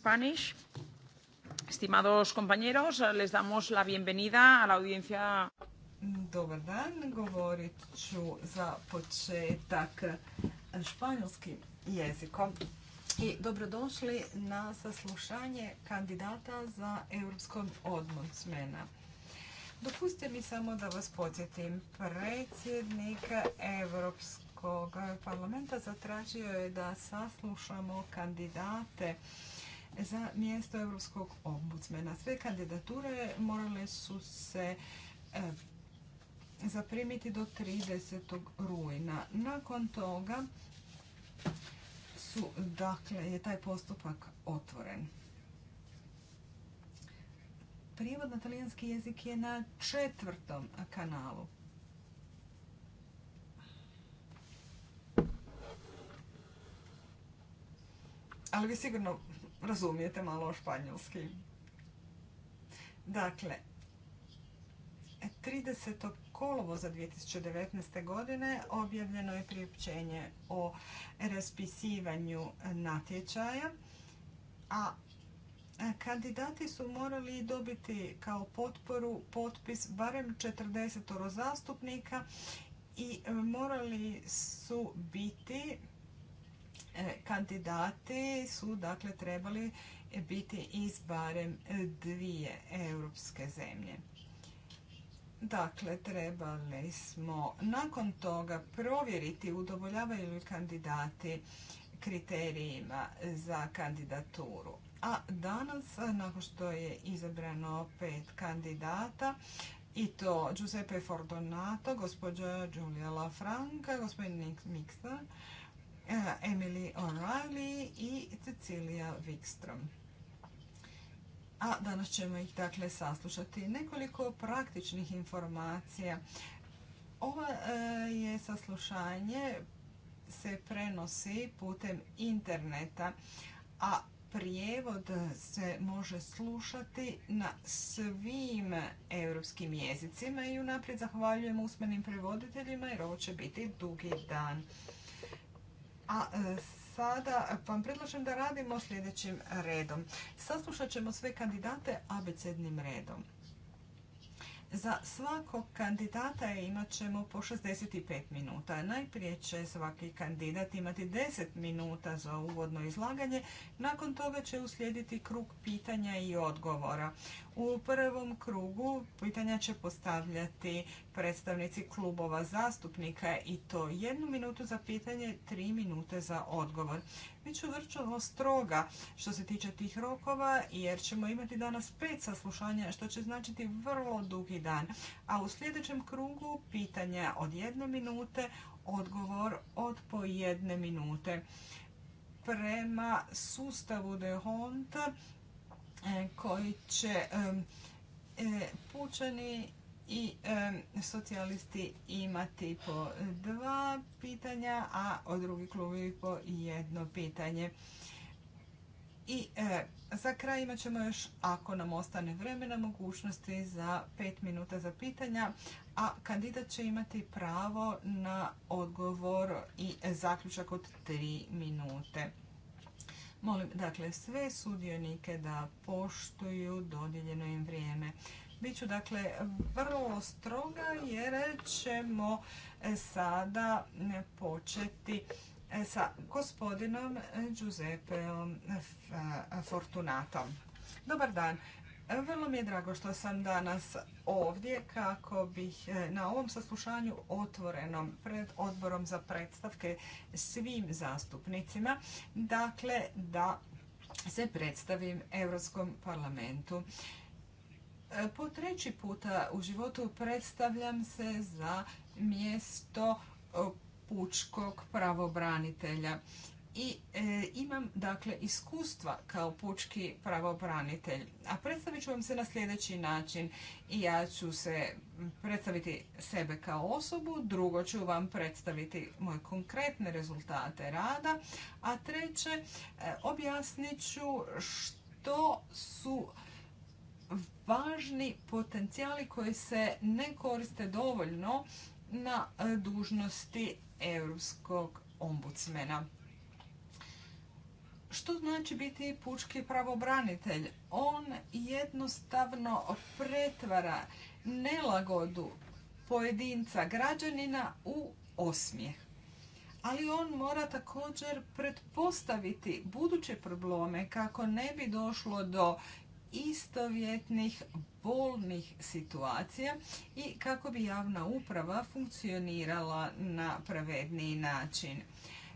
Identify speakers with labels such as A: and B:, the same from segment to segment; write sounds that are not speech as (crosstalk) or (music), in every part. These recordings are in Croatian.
A: Spanish. Estimados compañeros, les damos la bienvenida a la audiencia.
B: Dobar dan, govorit ću za početak španjolskim jezikom. I dobrodošli na saslušanje kandidata za europskom odmocmena. Dopustite mi samo da vas podsjetim. Predsjednik Europskog parlamenta zatražio je da saslušamo kandidate za mjesto Europskog ombudsmena. Sve kandidature morale su se e, zaprimiti do 30. rujna. Nakon toga su, dakle, je taj postupak otvoren. Prijevod na talijanski jezik je na četvrtom kanalu. Ali vi sigurno razumijete malo o španjolski. Dakle, 30. za 2019. godine objavljeno je priopćenje o raspisivanju natječaja, a kandidati su morali dobiti kao potporu potpis barem 40 zastupnika i morali su biti E, kandidati su dakle trebali biti iz barem dvije europske zemlje. Dakle, trebali smo nakon toga provjeriti udovoljavaju li kandidati kriterijima za kandidaturu. A danas, nakon što je izabrano pet kandidata, i to Giuseppe Fordonato, gospođa Giulia Lafranca, gospodin Nick E, Emily O'Reilly i Cecilia Vikstrom. A danas ćemo ih dakle saslušati nekoliko praktičnih informacija. Ovo e, je saslušanje se prenosi putem interneta, a prijevod se može slušati na svim europskim jezicima i unaprijed zahvaljujem usmenim prevoditeljima jer ovo će biti dugi dan. A e, sada vam predlažem da radimo sljedećim redom. Saslušat ćemo sve kandidate abecednim redom. Za svakog kandidata imat ćemo po 65 minuta. Najprije će svaki kandidat imati 10 minuta za uvodno izlaganje, nakon toga će uslijediti krug pitanja i odgovora. U prvom krugu pitanja će postavljati predstavnici klubova zastupnika i to jednu minutu za pitanje, tri minute za odgovor. ću vrlo stroga što se tiče tih rokova jer ćemo imati danas pet saslušanja što će značiti vrlo dugi dan. A u sljedećem krugu pitanja od jedne minute, odgovor od po jedne minute. Prema sustavu de E, koji će e, pučani i socijalisti imati po dva pitanja, a od drugi klubi po jedno pitanje. I e, za kraj imat ćemo još, ako nam ostane vremena, mogućnosti za 5 minuta za pitanja, a kandidat će imati pravo na odgovor i zaključak od tri minute. Molim dakle sve sudionike da poštuju dodijeljeno im vrijeme. Biću dakle vrlo stroga jer ćemo e, sada e, početi e, sa gospodinom Giuseppe Fortunatom. Dobar dan. E, vrlo mi je drago što sam danas ovdje kako bih e, na ovom saslušanju otvorenom pred odborom za predstavke svim zastupnicima, dakle da se predstavim Europskom parlamentu. E, po treći puta u životu predstavljam se za mjesto pučkog pravobranitelja i e, imam dakle iskustva kao pučki pravobranitelj. A predstavit ću vam se na sljedeći način. I ja ću se predstaviti sebe kao osobu, drugo ću vam predstaviti moje konkretne rezultate rada, a treće e, objasnit ću što su važni potencijali koji se ne koriste dovoljno na e, dužnosti europskog ombudsmena. Što znači biti pučki pravobranitelj? On jednostavno pretvara nelagodu pojedinca građanina u osmijeh. Ali on mora također pretpostaviti buduće probleme kako ne bi došlo do istovjetnih bolnih situacija i kako bi javna uprava funkcionirala na pravedniji način.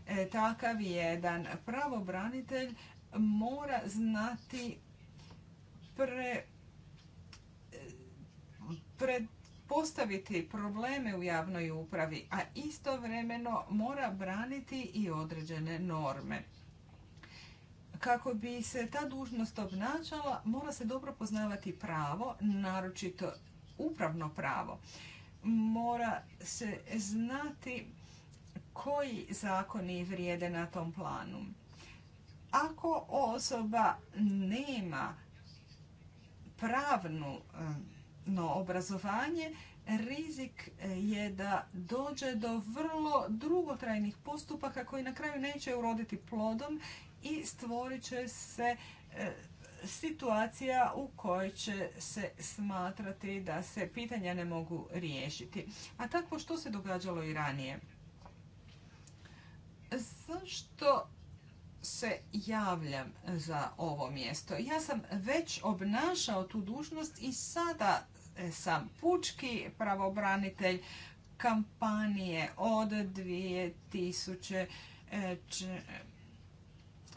B: E, takav jedan pravobranitelj mora znati pre, predpostaviti probleme u javnoj upravi, a istovremeno mora braniti i određene norme. Kako bi se ta dužnost obnašala, mora se dobro poznavati pravo, naročito upravno pravo. Mora se znati koji zakoni vrijede na tom planu. Ako osoba nema pravno obrazovanje, rizik je da dođe do vrlo drugotrajnih postupaka koji na kraju neće uroditi plodom i stvorit će se e, situacija u kojoj će se smatrati da se pitanja ne mogu riješiti. A tako što se događalo i ranije? Zašto se javljam za ovo mjesto? Ja sam već obnašao tu dužnost i sada e, sam pučki pravobranitelj kampanije od 2000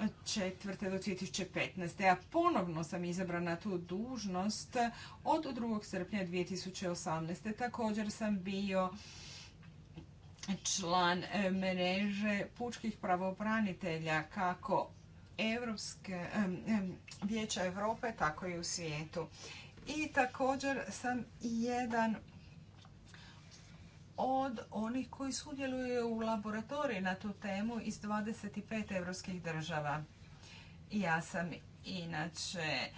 B: do 2015. Ja ponovno sam izabrana tu dužnost od 2. srpnja 2018. Također sam bio član e, mreže pučkih pravobranitelja kako e, e, Vijeća Europe tako i u svijetu. I također sam jedan od onih koji sudjeluju u laboratoriji na tu temu iz 25 evropskih država. Ja sam inače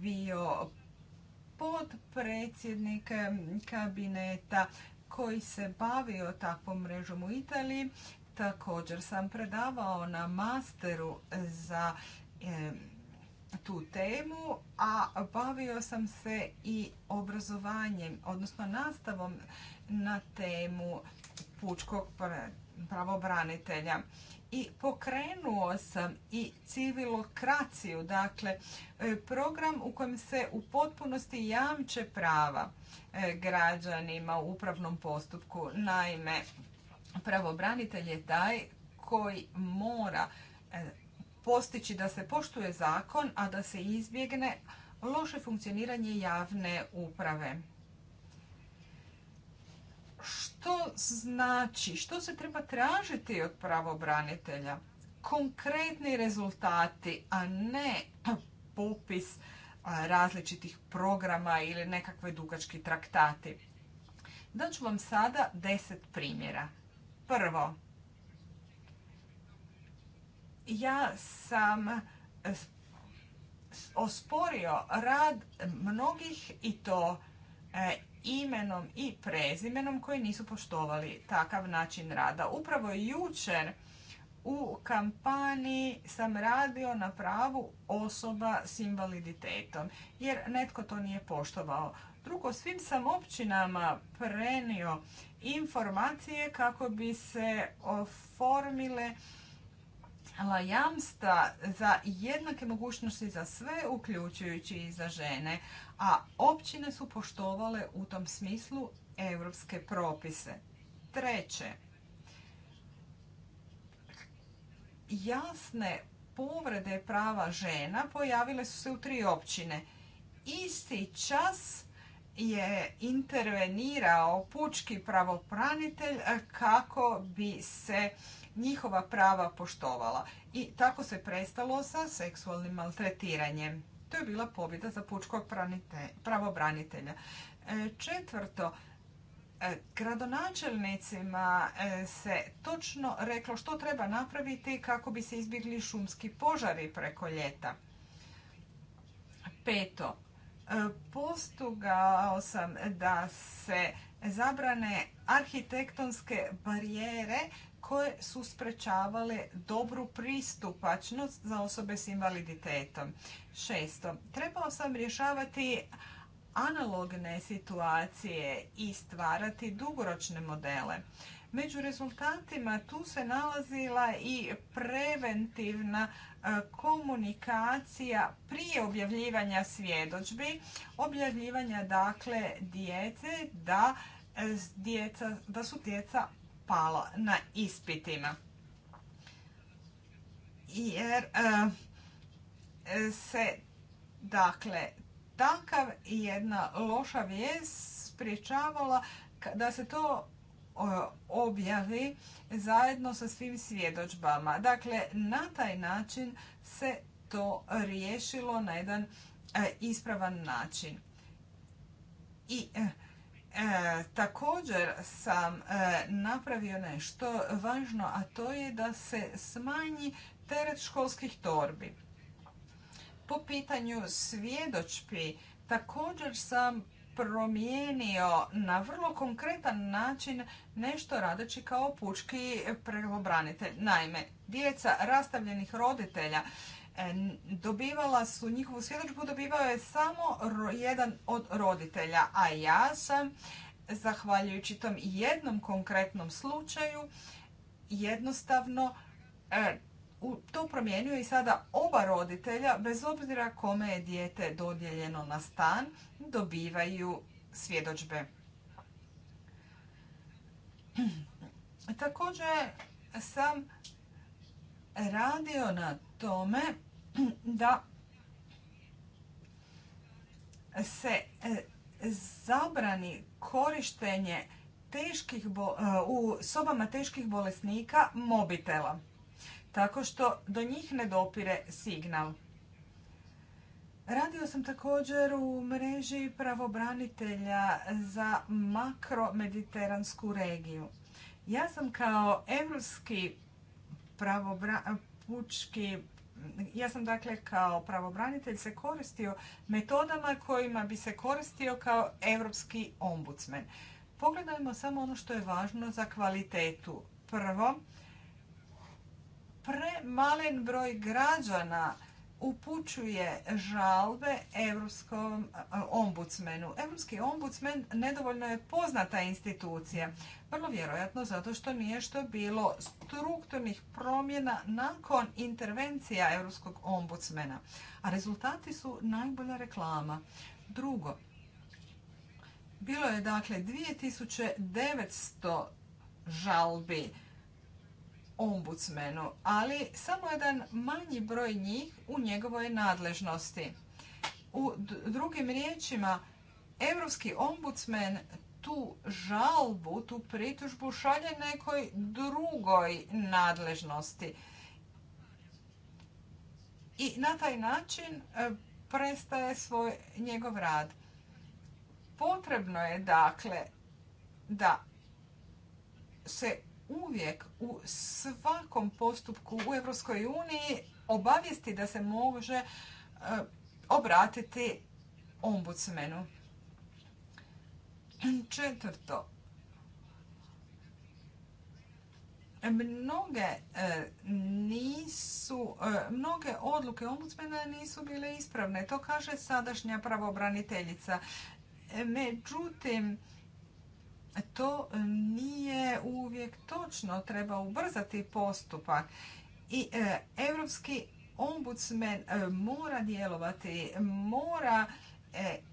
B: bio podpredsjednik kabineta koji se bavio takvom mrežom u Italiji. Također sam predavao na masteru za tu temu, a bavio sam se i obrazovanjem, odnosno nastavom na temu pučkog pravobranitelja i pokrenuo sam i civilokraciju, dakle e, program u kojem se u potpunosti jamče prava e, građanima u upravnom postupku. Naime, pravobranitelj je taj koji mora e, postići da se poštuje zakon, a da se izbjegne loše funkcioniranje javne uprave što znači, što se treba tražiti od pravobranitelja? Konkretni rezultati, a ne (clears throat) popis različitih programa ili nekakve dugački traktati. Daću vam sada deset primjera. Prvo, ja sam osporio rad mnogih i to e, imenom i prezimenom koji nisu poštovali takav način rada. Upravo jučer u kampanji sam radio na pravu osoba s invaliditetom jer netko to nije poštovao. Drugo, svim sam općinama prenio informacije kako bi se oformile jamstva za jednake mogućnosti za sve, uključujući i za žene, a općine su poštovale u tom smislu europske propise. Treće, jasne povrede prava žena pojavile su se u tri općine. Isti čas je intervenirao pučki pravopranitelj kako bi se njihova prava poštovala. I tako se prestalo sa seksualnim maltretiranjem. To je bila pobjeda za pučkog pravobranitelja. E, četvrto, e, gradonačelnicima e, se točno reklo što treba napraviti kako bi se izbjegli šumski požari preko ljeta. Peto, postugao sam da se zabrane arhitektonske barijere koje su sprečavale dobru pristupačnost za osobe s invaliditetom. Šesto, trebao sam rješavati analogne situacije i stvarati dugoročne modele. Među rezultatima tu se nalazila i preventivna e, komunikacija prije objavljivanja svjedočbi, objavljivanja dakle djece da e, da su djeca palo na ispitima. Jer e, se, dakle, takav jedna loša vijest spriječavala da se to e, objavi zajedno sa svim svjedočbama. Dakle, na taj način se to riješilo na jedan e, ispravan način. I E, također sam e, napravio nešto važno, a to je da se smanji teret školskih torbi. Po pitanju svjedočpi također sam promijenio na vrlo konkretan način nešto radeći kao pučki pravobranitelj. Naime, djeca rastavljenih roditelja E, dobivala su njihovu svjedočbu dobivao je samo jedan od roditelja, a ja sam zahvaljujući tom jednom konkretnom slučaju jednostavno e, to promijenio i sada oba roditelja, bez obzira kome je dijete dodijeljeno na stan, dobivaju svjedočbe. Također sam radio na tome (clears throat) da se e, zabrani korištenje teških e, u sobama teških bolesnika mobitela, tako što do njih ne dopire signal. Radio sam također u mreži pravobranitelja za makromediteransku regiju. Ja sam kao evropski pravobra, pučki ja sam dakle kao pravobranitelj se koristio metodama kojima bi se koristio kao europski ombudsman. Pogledajmo samo ono što je važno za kvalitetu. Prvo, premalen broj građana upućuje žalbe Europskom ombudsmenu. Europski ombudsmen nedovoljno je poznata institucija, vrlo vjerojatno zato što nije što bilo strukturnih promjena nakon intervencija Europskog ombudsmena, a rezultati su najbolja reklama. Drugo, bilo je dakle 2900 žalbi ombudsmenu, ali samo jedan manji broj njih u njegovoj nadležnosti. U drugim riječima, Europski ombudsmen, tu žalbu, tu pritužbu šalje nekoj drugoj nadležnosti. I na taj način e, prestaje svoj njegov rad. Potrebno je dakle da se uvijek u svakom postupku u Europskoj uniji obavijesti da se može e, obratiti ombudsmenu. Četvrto, mnoge e, nisu, e, mnoge odluke ombudsmena nisu bile ispravne. To kaže sadašnja pravobraniteljica. Međutim, to e, nije uvijek točno, treba ubrzati postupak. I e, europski ombudsman e, mora djelovati, mora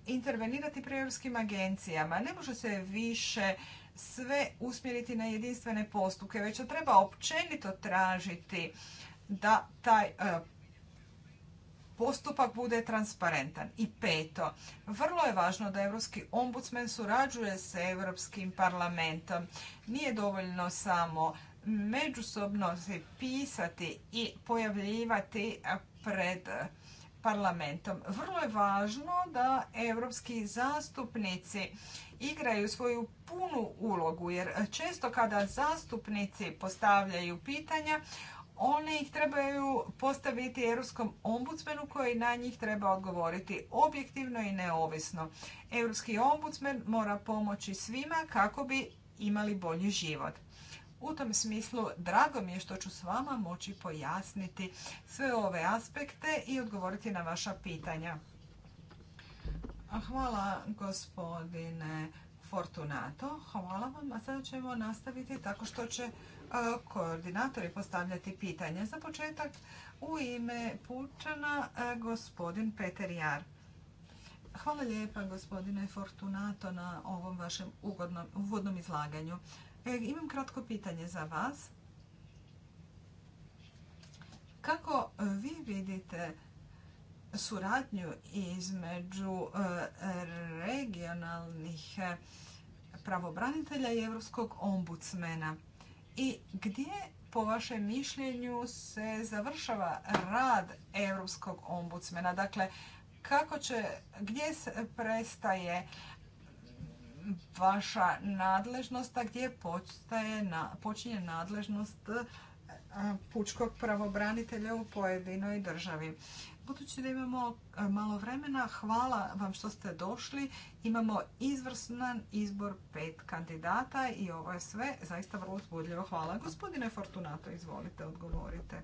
B: intervenirati pri europskim agencijama. Ne može se više sve usmjeriti na jedinstvene postupke, već treba općenito tražiti da taj postupak bude transparentan. I peto, vrlo je važno da Europski ombudsman surađuje s Europskim parlamentom. Nije dovoljno samo međusobno se pisati i pojavljivati pred parlamentom. Vrlo je važno da europski zastupnici igraju svoju punu ulogu, jer često kada zastupnici postavljaju pitanja, oni ih trebaju postaviti europskom ombudsmenu koji na njih treba odgovoriti objektivno i neovisno. Europski ombudsman mora pomoći svima kako bi imali bolji život. U tom smislu drago mi je što ću s vama moći pojasniti sve ove aspekte i odgovoriti na vaša pitanja. Hvala gospodine Fortunato. Hvala vam, a sada ćemo nastaviti tako što će koordinatori postavljati pitanje. Za početak u ime Pučana gospodin Peter Jar. Hvala lijepa gospodine Fortunato na ovom vašem uvodnom izlaganju. E, imam kratko pitanje za vas. Kako vi vidite suradnju između e, regionalnih e, pravobranitelja i Europskog ombudsmena. I gdje, po vašem mišljenju, se završava rad Europskog ombudsmena? Dakle, kako će, gdje se prestaje vaša nadležnost, a gdje počinje nadležnost e, pučkog pravobranitelja u pojedinoj državi. Budući da imamo e, malo vremena, hvala vam što ste došli. Imamo izvrsnan izbor pet kandidata i ovo je sve zaista vrlo uzbudljivo. Hvala. Gospodine Fortunato, izvolite, odgovorite.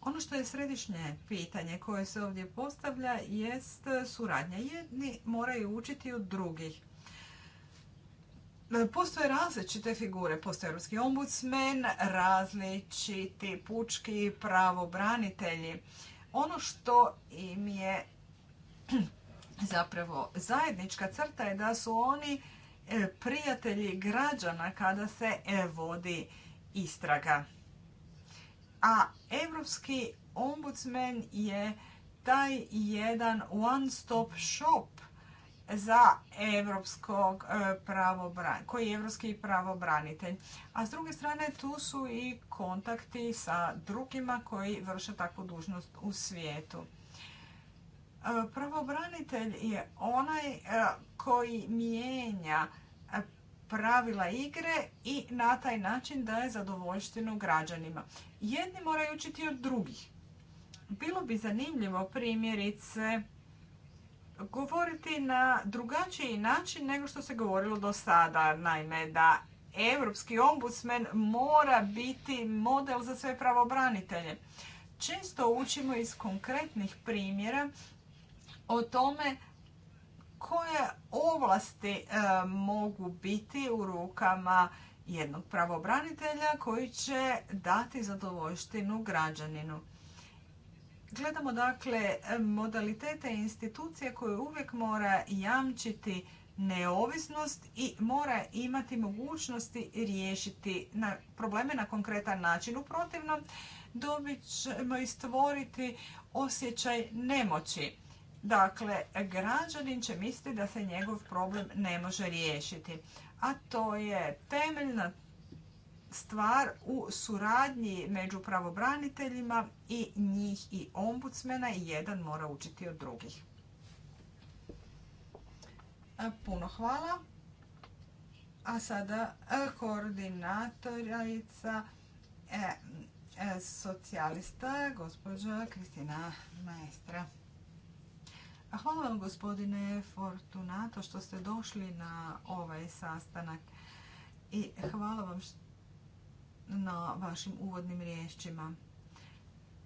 B: Ono što je središnje pitanje koje se ovdje postavlja jest suradnja. Jedni moraju učiti od drugih. Postoje različite figure, postoje europski ombudsman, različiti pučki pravobranitelji. Ono što im je (clears throat) zapravo zajednička crta je da su oni e, prijatelji građana kada se e, vodi istraga. A europski ombudsmen je taj jedan one stop shop za evropskog e, koji je evropski pravobranitelj. A s druge strane tu su i kontakti sa drugima koji vrše takvu dužnost u svijetu. E, pravobranitelj je onaj e, koji mijenja pravila igre i na taj način daje zadovoljštinu građanima. Jedni moraju učiti od drugih. Bilo bi zanimljivo primjerice govoriti na drugačiji način nego što se govorilo do sada. Naime, da Europski ombudsman mora biti model za sve pravobranitelje. Često učimo iz konkretnih primjera o tome koje ovlasti e, mogu biti u rukama jednog pravobranitelja koji će dati zadovoljštinu građaninu. Gledamo dakle modalitete institucije koje uvijek mora jamčiti neovisnost i mora imati mogućnosti riješiti na probleme na konkretan način. U protivnom dobit ćemo i stvoriti osjećaj nemoći. Dakle, građanin će misliti da se njegov problem ne može riješiti. A to je temeljna stvar u suradnji među pravobraniteljima i njih i ombudsmena i jedan mora učiti od drugih. Puno hvala. A sada e, koordinatorica e, e, socijalista, gospođa Kristina
A: Maestra.
B: Hvala vam gospodine Fortunato što ste došli na ovaj sastanak i hvala vam što na vašim uvodnim riječima.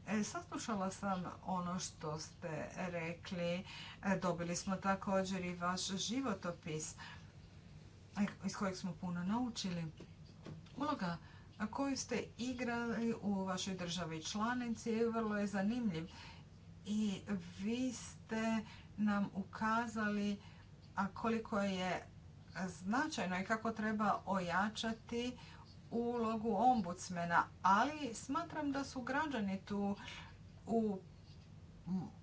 B: E, saslušala sam ono što ste rekli. E, dobili smo također i vaš životopis e, iz kojeg smo puno naučili. Uloga koju ste igrali u vašoj državi članici vrlo je zanimljiv. I vi ste nam ukazali koliko je značajno i kako treba ojačati ulogu ombudsmena, ali smatram da su građani tu u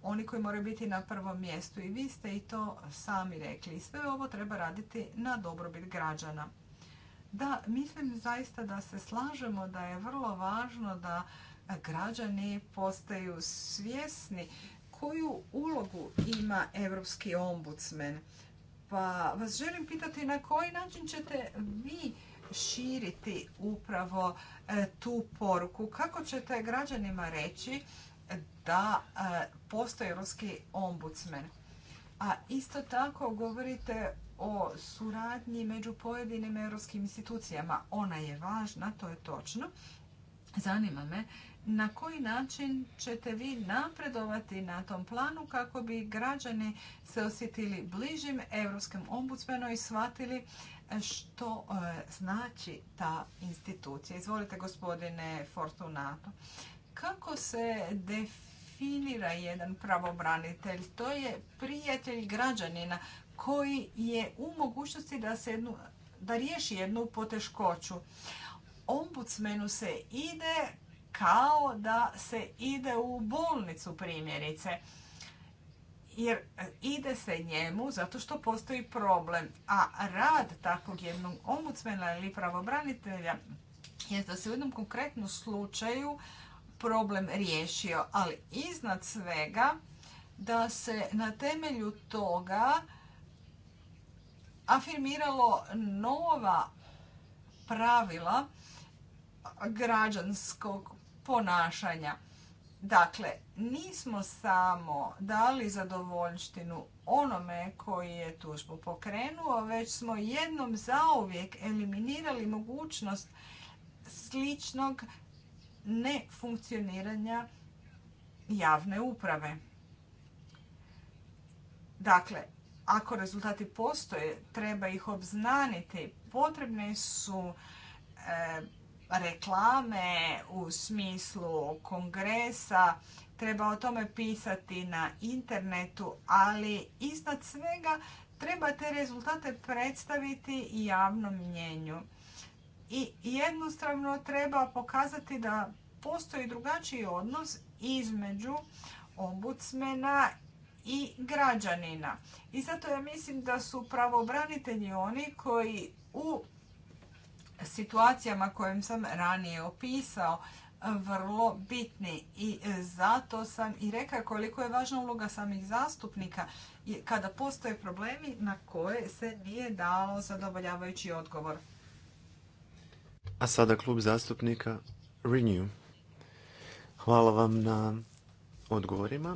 B: oni koji moraju biti na prvom mjestu i vi ste i to sami rekli. Sve ovo treba raditi na dobrobit građana. Da, mislim zaista da se slažemo da je vrlo važno da građani postaju svjesni koju ulogu ima Europski ombudsmen. Pa vas želim pitati na koji način ćete vi širiti upravo e, tu poruku? Kako ćete građanima reći da e, postoji europski ombudsman? A isto tako govorite o suradnji među pojedinim europskim institucijama. Ona je važna, to je točno. Zanima me na koji način ćete vi napredovati na tom planu kako bi građani se osjetili bližim europskom ombudsmenu i shvatili e, što e, znači ta institucija. Izvolite gospodine Fortunato. Kako se definira jedan pravobranitelj? To je prijatelj građanina koji je u mogućnosti da, se jednu, da riješi jednu poteškoću. Ombudsmenu se ide kao da se ide u bolnicu primjerice. Jer e, ide se njemu zato što postoji problem, a rad takvog jednog omucmena ili pravobranitelja je da se u jednom konkretnom slučaju problem riješio, ali iznad svega da se na temelju toga afirmiralo nova pravila građanskog ponašanja. Dakle, nismo samo dali zadovoljštinu onome koji je tužbu pokrenuo, već smo jednom zauvijek eliminirali mogućnost sličnog nefunkcioniranja javne uprave. Dakle, ako rezultati postoje, treba ih obznaniti. Potrebne su e, reklame u smislu kongresa, treba o tome pisati na internetu, ali iznad svega treba te rezultate predstaviti i javnom mnjenju. I jednostavno treba pokazati da postoji drugačiji odnos između ombudsmena i građanina. I zato ja mislim da su pravobranitelji oni koji u situacijama kojim sam ranije opisao vrlo bitni i e, zato sam i rekao koliko je važna uloga samih zastupnika kada postoje problemi na koje se nije dalo zadovoljavajući odgovor.
C: A sada klub zastupnika Renew. Hvala vam na odgovorima.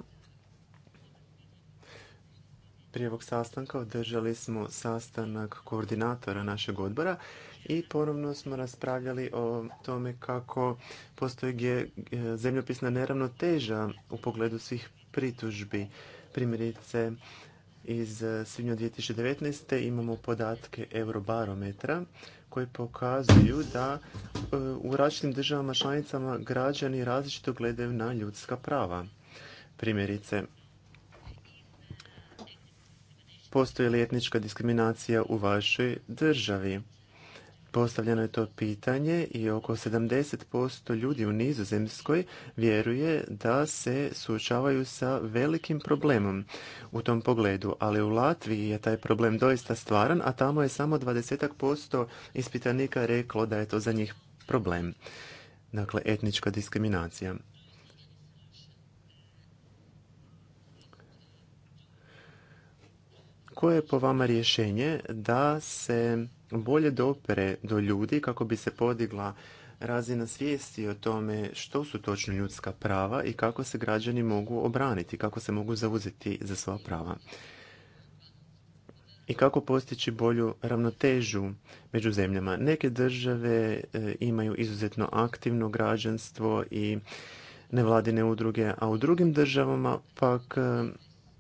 C: Prije ovog sastanka održali smo sastanak koordinatora našeg odbora i ponovno smo raspravljali o tome kako postoji e, zemljopisna neravnoteža u pogledu svih pritužbi. Primjerice, iz svibnja 2019. imamo podatke Eurobarometra koji pokazuju da e, u različitim državama članicama građani različito gledaju na ljudska prava. Primjerice, postoji li etnička diskriminacija u vašoj državi? Postavljeno je to pitanje i oko 70% ljudi u Nizozemskoj vjeruje da se suočavaju sa velikim problemom u tom pogledu, ali u Latviji je taj problem doista stvaran, a tamo je samo 20% ispitanika reklo da je to za njih problem. Dakle, etnička diskriminacija. Koje je po vama rješenje da se bolje dopere do ljudi kako bi se podigla razina svijesti o tome što su točno ljudska prava i kako se građani mogu obraniti, kako se mogu zauzeti za sva prava. I kako postići bolju ravnotežu među zemljama. Neke države e, imaju izuzetno aktivno građanstvo i nevladine udruge, a u drugim državama pak e,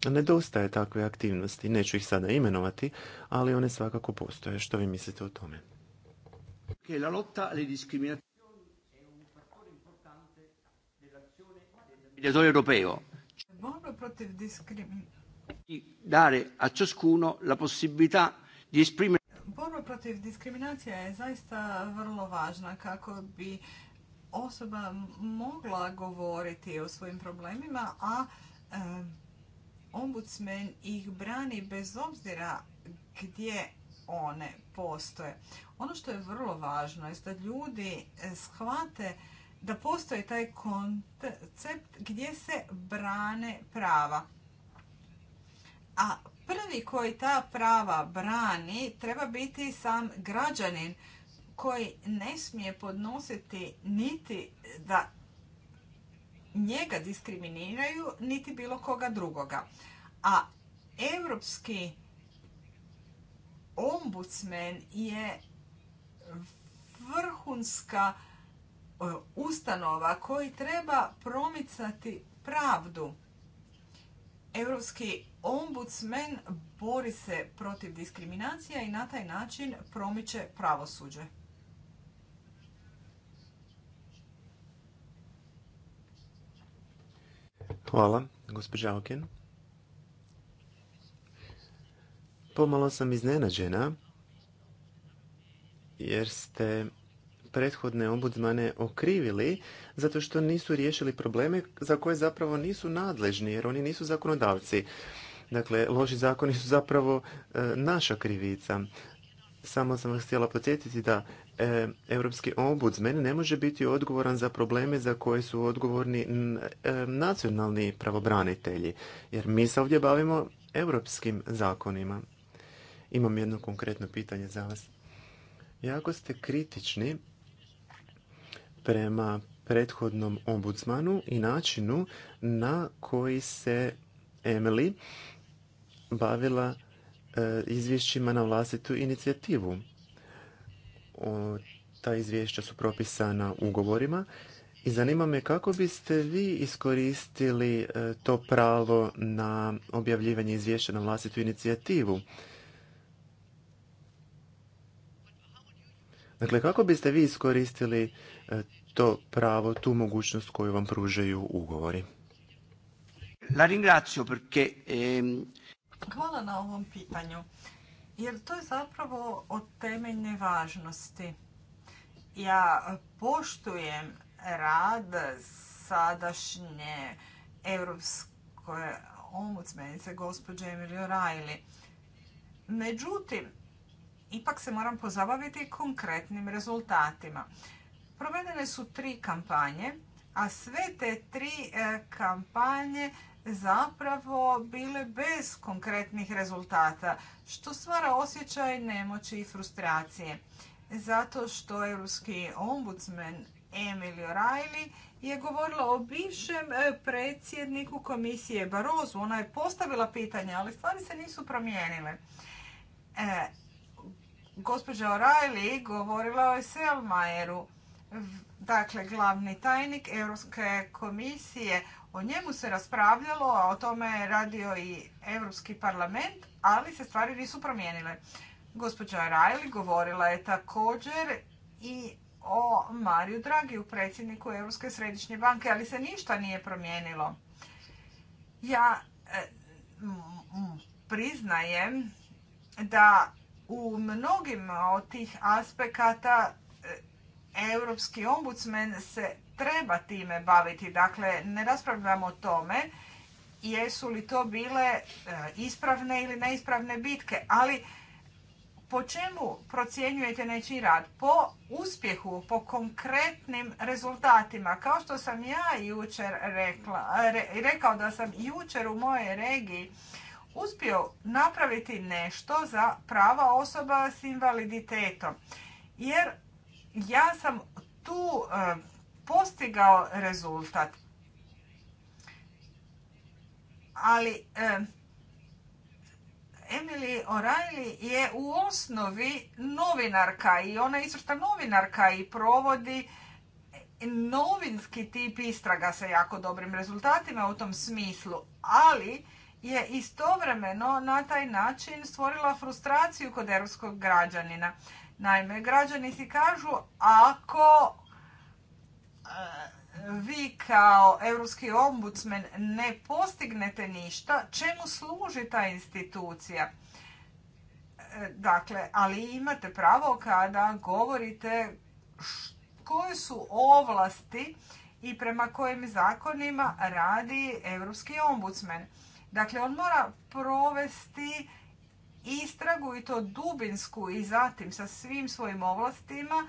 C: Nedostaje takve aktivnosti, neću ih sada imenovati, ali one svakako postoje. Što vi mislite o tome?
B: Borba protiv diskriminacije.
D: a ciascuno la
B: protiv diskriminacija je zaista vrlo važna kako bi osoba mogla govoriti o svojim problemima, a ombudsman ih brani bez obzira gdje one postoje. Ono što je vrlo važno je da ljudi eh, shvate da postoji taj koncept gdje se brane prava. A prvi koji ta prava brani treba biti sam građanin koji ne smije podnositi niti da njega diskriminiraju, niti bilo koga drugoga. A europski ombudsman je vrhunska e, ustanova koji treba promicati pravdu. Europski ombudsman bori se protiv diskriminacija i na taj način promiče pravosuđe.
C: Hvala, gospođa Oken. Pomalo sam iznenađena jer ste prethodne obudmane okrivili zato što nisu riješili probleme za koje zapravo nisu nadležni jer oni nisu zakonodavci. Dakle, loši zakoni su zapravo e, naša krivica. Samo sam vas htjela podsjetiti da E, europski ombudsman ne može biti odgovoran za probleme za koje su odgovorni e, nacionalni pravobranitelji, jer mi se ovdje bavimo europskim zakonima. Imam jedno konkretno pitanje za vas. Jako ste kritični prema prethodnom ombudsmanu i načinu na koji se Emily bavila e, izvješćima na vlastitu inicijativu ta izvješća su propisana ugovorima i zanima me kako biste vi iskoristili e, to pravo na objavljivanje izvješća na vlastitu inicijativu. Dakle, kako biste vi iskoristili e, to pravo, tu mogućnost koju vam pružaju ugovori?
D: Ehm,
B: Hvala na ovom pitanju jer to je zapravo od temeljne važnosti. Ja poštujem rad sadašnje europske omucmenice gospođe Emilio Rajli. Međutim, ipak se moram pozabaviti konkretnim rezultatima. Provedene su tri kampanje a sve te tri e, kampanje zapravo bile bez konkretnih rezultata, što stvara osjećaj nemoći i frustracije. Zato što europski ombudsman Emil O'Reilly je govorila o bivšem e, predsjedniku komisije Barozu. Ona je postavila pitanje, ali stvari se nisu promijenile. E, gospođa O'Reilly govorila o Selmajeru. Dakle, glavni tajnik Europske komisije, o njemu se raspravljalo, a o tome je radio i Europski parlament, ali se stvari nisu promijenile. Gospođa Rajli govorila je također i o Mariju Dragiju, predsjedniku Europske središnje banke, ali se ništa nije promijenilo. Ja e, priznajem da u mnogim od tih aspekata europski ombudsman se treba time baviti. Dakle, ne raspravljamo o tome jesu li to bile e, ispravne ili neispravne bitke, ali po čemu procjenjujete nečiji rad? Po uspjehu, po konkretnim rezultatima. Kao što sam ja jučer rekla, rekao da sam jučer u mojoj regiji uspio napraviti nešto za prava osoba s invaliditetom. Jer ja sam tu e, postigao rezultat. Ali e, Emily O'Reilly je u osnovi novinarka i ona je novinarka i provodi novinski tip istraga sa jako dobrim rezultatima u tom smislu, ali je istovremeno na taj način stvorila frustraciju kod europskog građanina. Naime, građani si kažu ako e, vi kao europski ombudsman ne postignete ništa, čemu služi ta institucija? E, dakle, ali imate pravo kada govorite koje su ovlasti i prema kojim zakonima radi europski ombudsman. Dakle, on mora provesti istragu i to dubinsku i zatim sa svim svojim ovlastima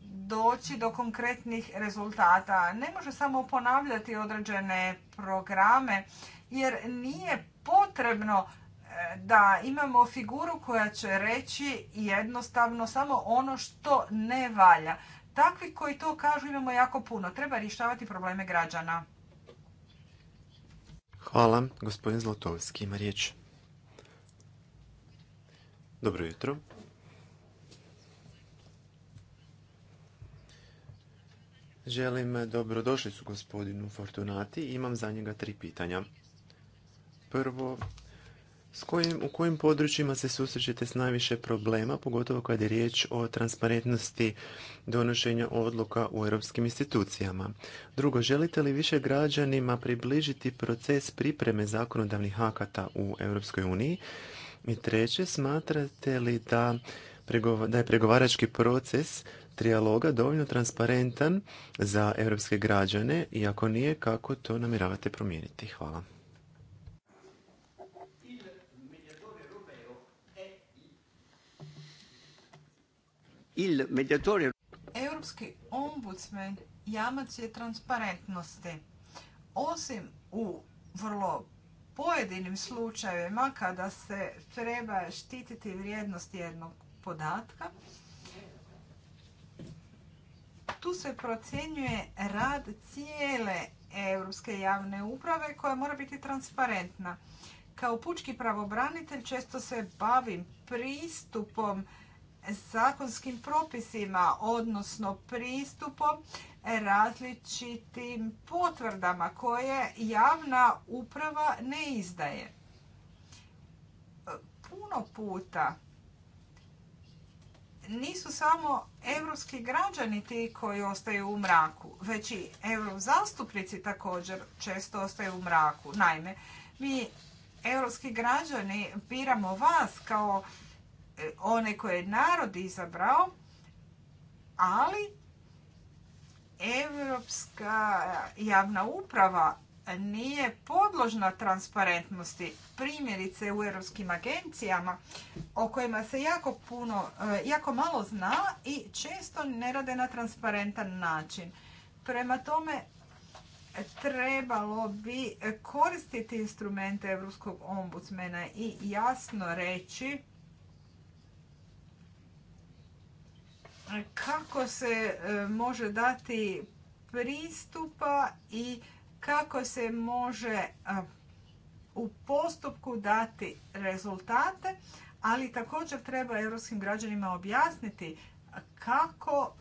B: doći do konkretnih rezultata. Ne može samo ponavljati određene programe jer nije potrebno e, da imamo figuru koja će reći jednostavno samo ono što ne valja. Takvi koji to kažu imamo jako puno. Treba rješavati probleme građana.
C: Hvala. Gospodin Zlotovski, ima riječ. Dobro jutro. Želim dobrodošli su gospodinu Fortunati i imam za njega tri pitanja. Prvo, s kojim, u kojim područjima se susrećete s najviše problema, pogotovo kada je riječ o transparentnosti donošenja odluka u europskim institucijama? Drugo, želite li više građanima približiti proces pripreme zakonodavnih akata u Europskoj uniji? I treće, smatrate li da, da je pregovarački proces trijaloga dovoljno transparentan za europske građane i ako nije, kako to namjeravate promijeniti? Hvala.
D: Il mediatore...
B: Europski ombudsman jamac je transparentnosti. Osim u vrlo pojedinim slučajevima kada se treba štititi vrijednost jednog podatka, tu se procjenjuje rad cijele europske javne uprave koja mora biti transparentna. Kao pučki pravobranitelj često se bavim pristupom zakonskim propisima, odnosno pristupom različitim potvrdama koje javna uprava ne izdaje. Puno puta nisu samo evropski građani ti koji ostaju u mraku, već i eurozastupnici također često ostaju u mraku. Naime, mi europski građani biramo vas kao e, one koje je narod izabrao, ali Europska eh, javna uprava nije podložna transparentnosti. Primjerice u europskim agencijama o kojima se jako puno, eh, jako malo zna i često ne rade na transparentan način. Prema tome trebalo bi koristiti instrumente europskog ombudsmena i jasno reći kako se e, može dati pristupa i kako se može u postupku dati rezultate, ali također treba europskim građanima objasniti kako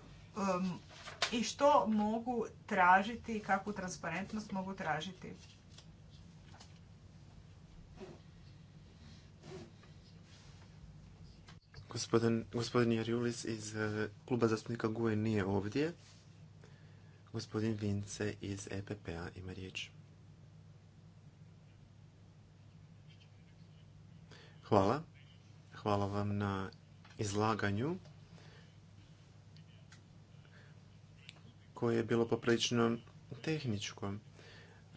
B: i što mogu tražiti i kakvu transparentnost mogu tražiti.
C: Gospodin, gospodin iz eh, kluba zastupnika GUE nije ovdje. Gospodin Vince iz EPP-a ima riječ. Hvala. Hvala vam na izlaganju koje je bilo poprilično tehničko.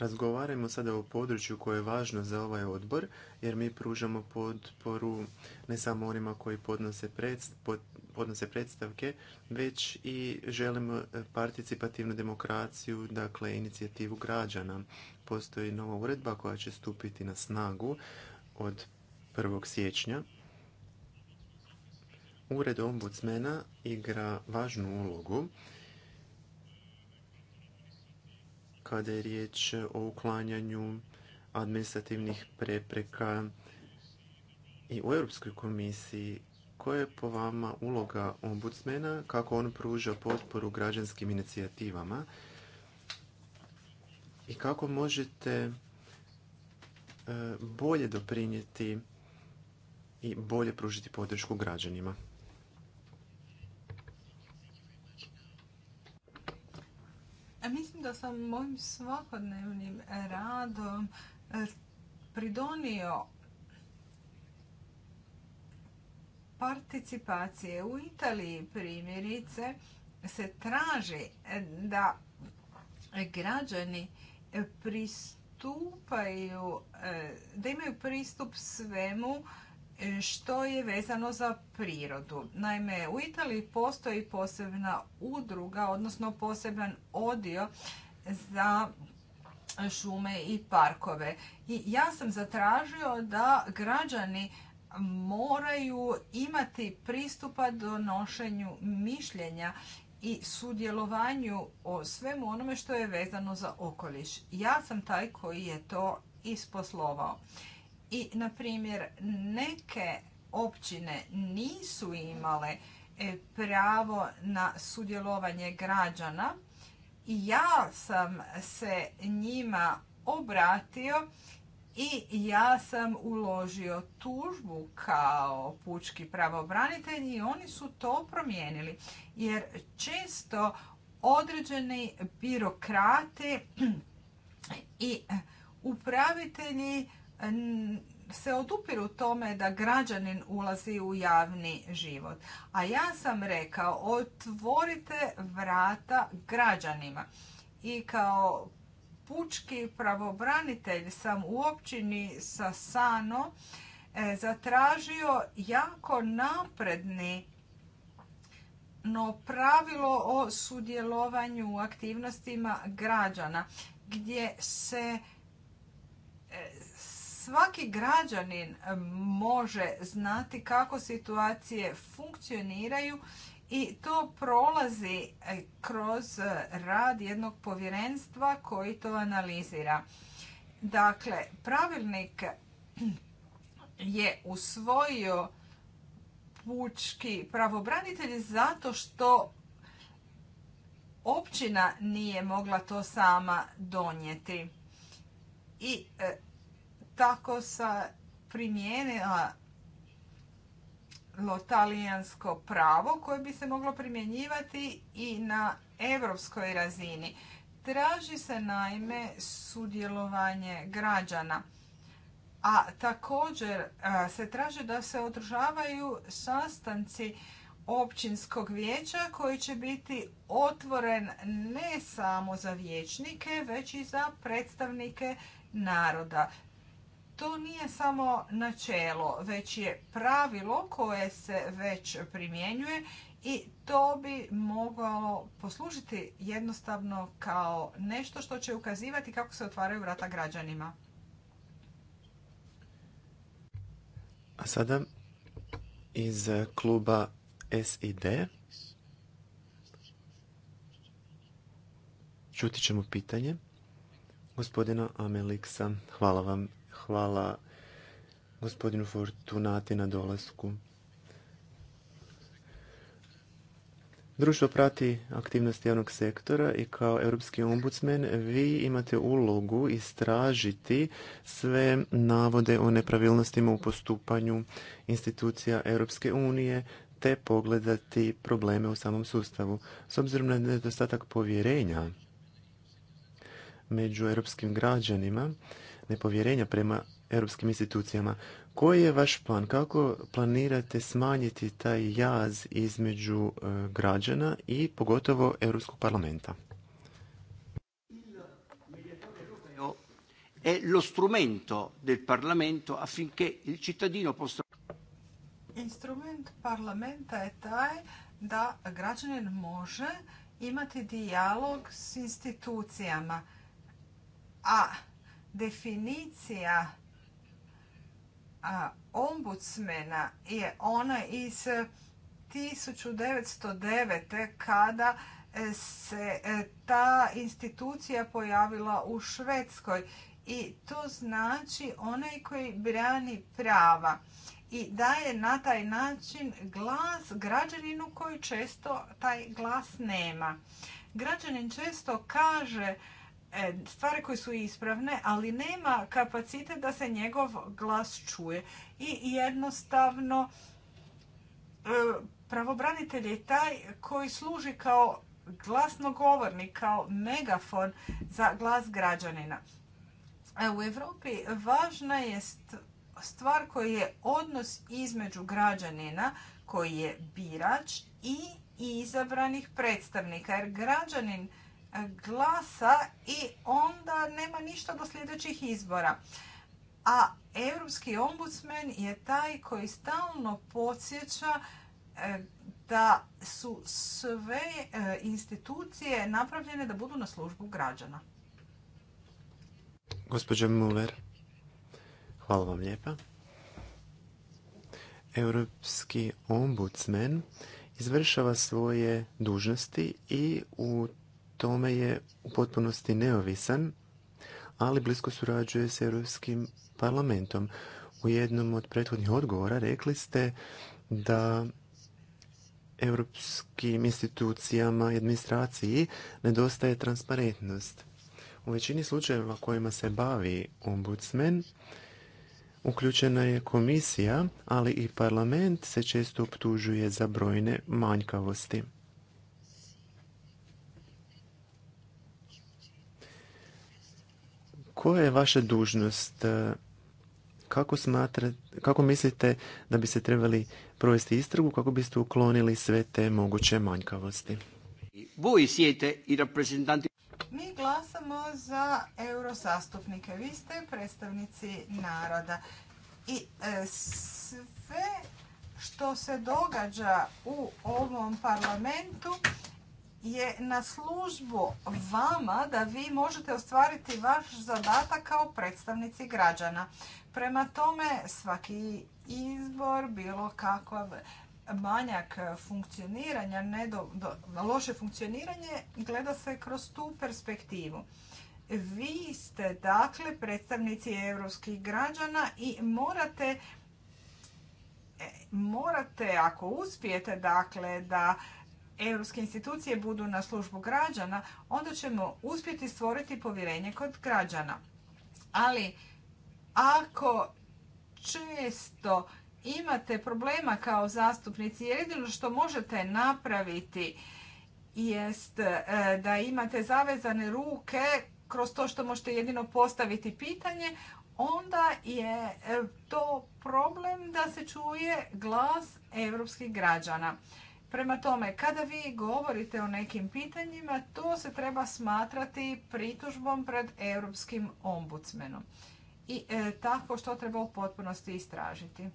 C: Razgovarajmo sada o području koje je važno za ovaj odbor, jer mi pružamo potporu ne samo onima koji podnose, podnose predstavke, već i želimo e, participativnu demokraciju, dakle inicijativu građana. Postoji nova uredba koja će stupiti na snagu od 1. siječnja. Ured ombudsmena igra važnu ulogu kada je riječ o uklanjanju administrativnih prepreka i u Europskoj komisiji koja je po vama uloga ombudsmena, kako on pruža potporu građanskim inicijativama i kako možete e, bolje doprinijeti i bolje pružiti podršku građanima.
B: Mislim da sam mojim svakodnevnim radom eh, pridonio participacije. U Italiji primjerice se traži eh, da građani eh, pristupaju, da imaju pristup svemu što je vezano za prirodu. Naime, u Italiji postoji posebna udruga, odnosno poseban odio za šume i parkove. I ja sam zatražio da građani moraju imati pristupa donošenju mišljenja i sudjelovanju o svemu onome što je vezano za okoliš. Ja sam taj koji je to isposlovao i, na primjer, neke općine nisu imale e, pravo na sudjelovanje građana i ja sam se njima obratio i ja sam uložio tužbu kao pučki pravobranitelj i oni su to promijenili. Jer često određeni birokrati i upravitelji se odupiru tome da građanin ulazi u javni život. A ja sam rekao, otvorite vrata građanima. I kao pučki pravobranitelj sam u općini Sasano e, zatražio jako napredni no pravilo o sudjelovanju u aktivnostima građana gdje se svaki građanin e, može znati kako situacije funkcioniraju i to prolazi e, kroz e, rad jednog povjerenstva koji to analizira. Dakle, pravilnik je usvojio pučki pravobranitelj zato što općina nije mogla to sama donijeti. I tako sa primijenila talijansko pravo koje bi se moglo primjenjivati i na europskoj razini. Traži se naime sudjelovanje građana, a također e, se traže da se održavaju sastanci općinskog vijeća koji će biti otvoren ne samo za vijećnike, već i za predstavnike naroda. To nije samo načelo, već je pravilo koje se već primjenjuje i to bi mogao poslužiti jednostavno kao nešto što će ukazivati kako se otvaraju vrata građanima.
C: A sada iz kluba SID čuti ćemo pitanje gospodina Ameliksa. Hvala vam Hvala gospodinu Fortunati na dolasku. Društvo prati aktivnosti javnog sektora i kao europski ombudsman vi imate ulogu istražiti sve navode o nepravilnostima u postupanju institucija Europske unije te pogledati probleme u samom sustavu. S obzirom na nedostatak povjerenja među europskim građanima, nepovjerenja prema europskim institucijama. Koji je vaš plan? Kako planirate smanjiti taj jaz između e, građana i pogotovo Europskog parlamenta?
D: È lo strumento del Parlamento affinché il cittadino possa...
B: Instrument parlamenta je taj da građanin može imati dijalog s institucijama, a definicija ombudsmena je ona iz 1909. E, kada e, se e, ta institucija pojavila u Švedskoj i to znači onaj koji brani prava i daje na taj način glas građaninu koji često taj glas nema. Građanin često kaže E, stvari koje su ispravne, ali nema kapacite da se njegov glas čuje. I jednostavno e, pravobranitelj je taj koji služi kao glasnogovornik, kao megafon za glas građanina. E, u Europi važna je stvar koja je odnos između građanina koji je birač i izabranih predstavnika. Jer građanin glasa i onda nema ništa do sljedećih izbora. A europski ombudsman je taj koji stalno podsjeća e, da su sve e, institucije napravljene da budu na službu građana.
C: Gospodin Muller, hvala vam lijepa. Europski ombudsman izvršava svoje dužnosti i u tome je u potpunosti neovisan, ali blisko surađuje s Europskim parlamentom. U jednom od prethodnih odgovora rekli ste da europskim institucijama i administraciji nedostaje transparentnost. U većini slučajeva kojima se bavi ombudsman, uključena je komisija, ali i parlament se često optužuje za brojne manjkavosti. koja je vaša dužnost? E, kako, smatra, kako mislite da bi se trebali provesti istragu kako biste uklonili sve te moguće manjkavosti?
D: Vi sjete i reprezentanti
B: mi glasamo za eurosastupnike. Vi ste predstavnici naroda. I e, sve što se događa u ovom parlamentu je na službu vama da vi možete ostvariti vaš zadatak kao predstavnici građana. Prema tome svaki izbor, bilo kakav manjak funkcioniranja, ne loše funkcioniranje, gleda se kroz tu perspektivu. Vi ste dakle predstavnici europskih građana i morate, e, morate ako uspijete dakle da europske institucije budu na službu građana, onda ćemo uspjeti stvoriti povjerenje kod građana. Ali ako često imate problema kao zastupnici, jedino što možete napraviti jest e, da imate zavezane ruke kroz to što možete jedino postaviti pitanje, onda je e, to problem da se čuje glas europskih građana. Prema tome, kada vi govorite o nekim pitanjima, to se treba smatrati pritužbom pred europskim ombudsmenom. I e, tako što treba u potpunosti istražiti.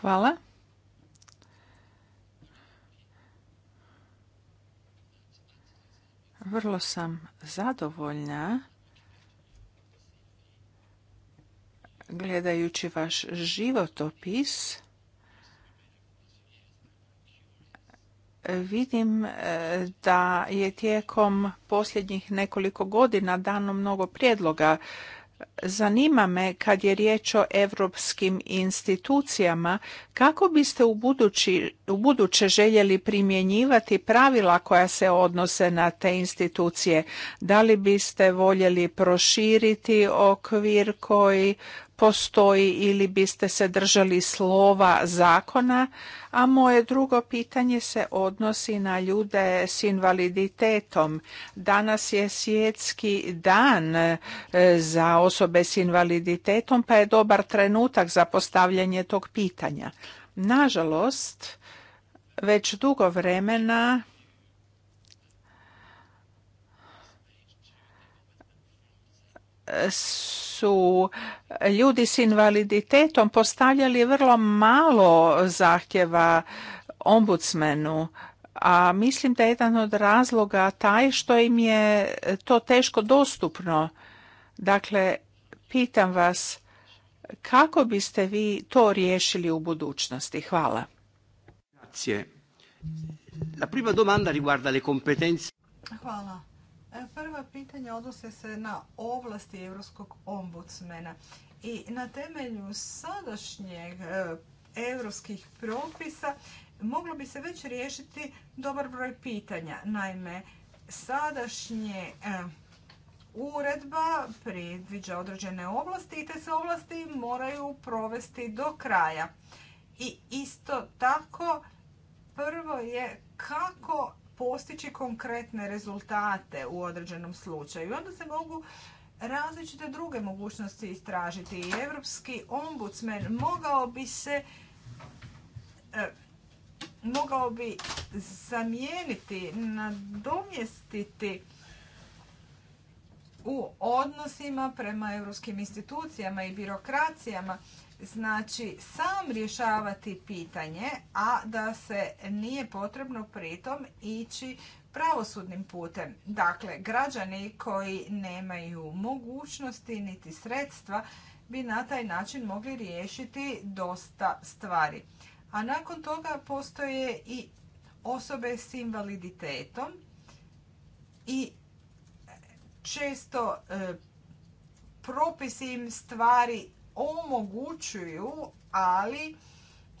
A: Hvala. Vrlo sam zadovoljna gledajući vaš životopis vidim e, da je tijekom posljednjih nekoliko godina dano mnogo prijedloga. Zanima me kad je riječ o europskim institucijama kako biste u, u buduće željeli primjenjivati pravila koja se odnose na te institucije? Da li biste voljeli proširiti okvir koji postoji ili biste se držali slova zakona, a moje drugo pitanje se odnosi na ljude s invaliditetom. Danas je svjetski dan e, za osobe s invaliditetom, pa je dobar trenutak za postavljanje tog pitanja. Nažalost, već dugo vremena su ljudi s invaliditetom postavljali vrlo malo zahtjeva ombudsmenu a mislim da je jedan od razloga taj što im je to teško dostupno. Dakle, pitam vas kako biste vi to riješili u budućnosti? Hvala.
B: Hvala. E, prva pitanja odnose se na ovlasti Europskog ombudsmena i na temelju sadašnjeg e, europskih propisa moglo bi se već riješiti dobar broj pitanja. Naime, sadašnje e, uredba predviđa određene ovlasti i te se ovlasti moraju provesti do kraja. I isto tako, prvo je kako postići konkretne rezultate u određenom slučaju. Onda se mogu različite druge mogućnosti istražiti. I Evropski ombudsman mogao bi se e, mogao bi zamijeniti, nadomjestiti u odnosima prema europskim institucijama i birokracijama znači sam rješavati pitanje, a da se nije potrebno pritom ići pravosudnim putem. Dakle, građani koji nemaju mogućnosti niti sredstva bi na taj način mogli riješiti dosta stvari. A nakon toga postoje i osobe s invaliditetom i često propisim e, propisi im stvari omogućuju, ali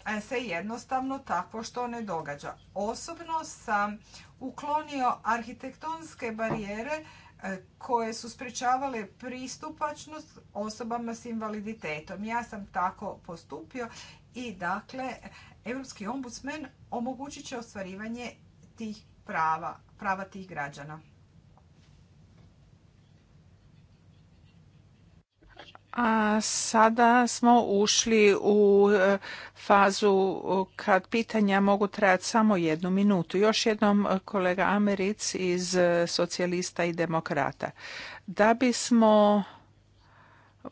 B: e, se jednostavno tako što ne događa. Osobno sam uklonio arhitektonske barijere e, koje su sprečavale pristupačnost osobama s invaliditetom. Ja sam tako postupio i dakle, Europski ombudsman omogućit će ostvarivanje tih prava, prava tih građana.
A: A sada smo ušli u e, fazu kad pitanja mogu trajati samo jednu minutu. Još jednom e, kolega Americ iz e, socijalista i demokrata. Da bismo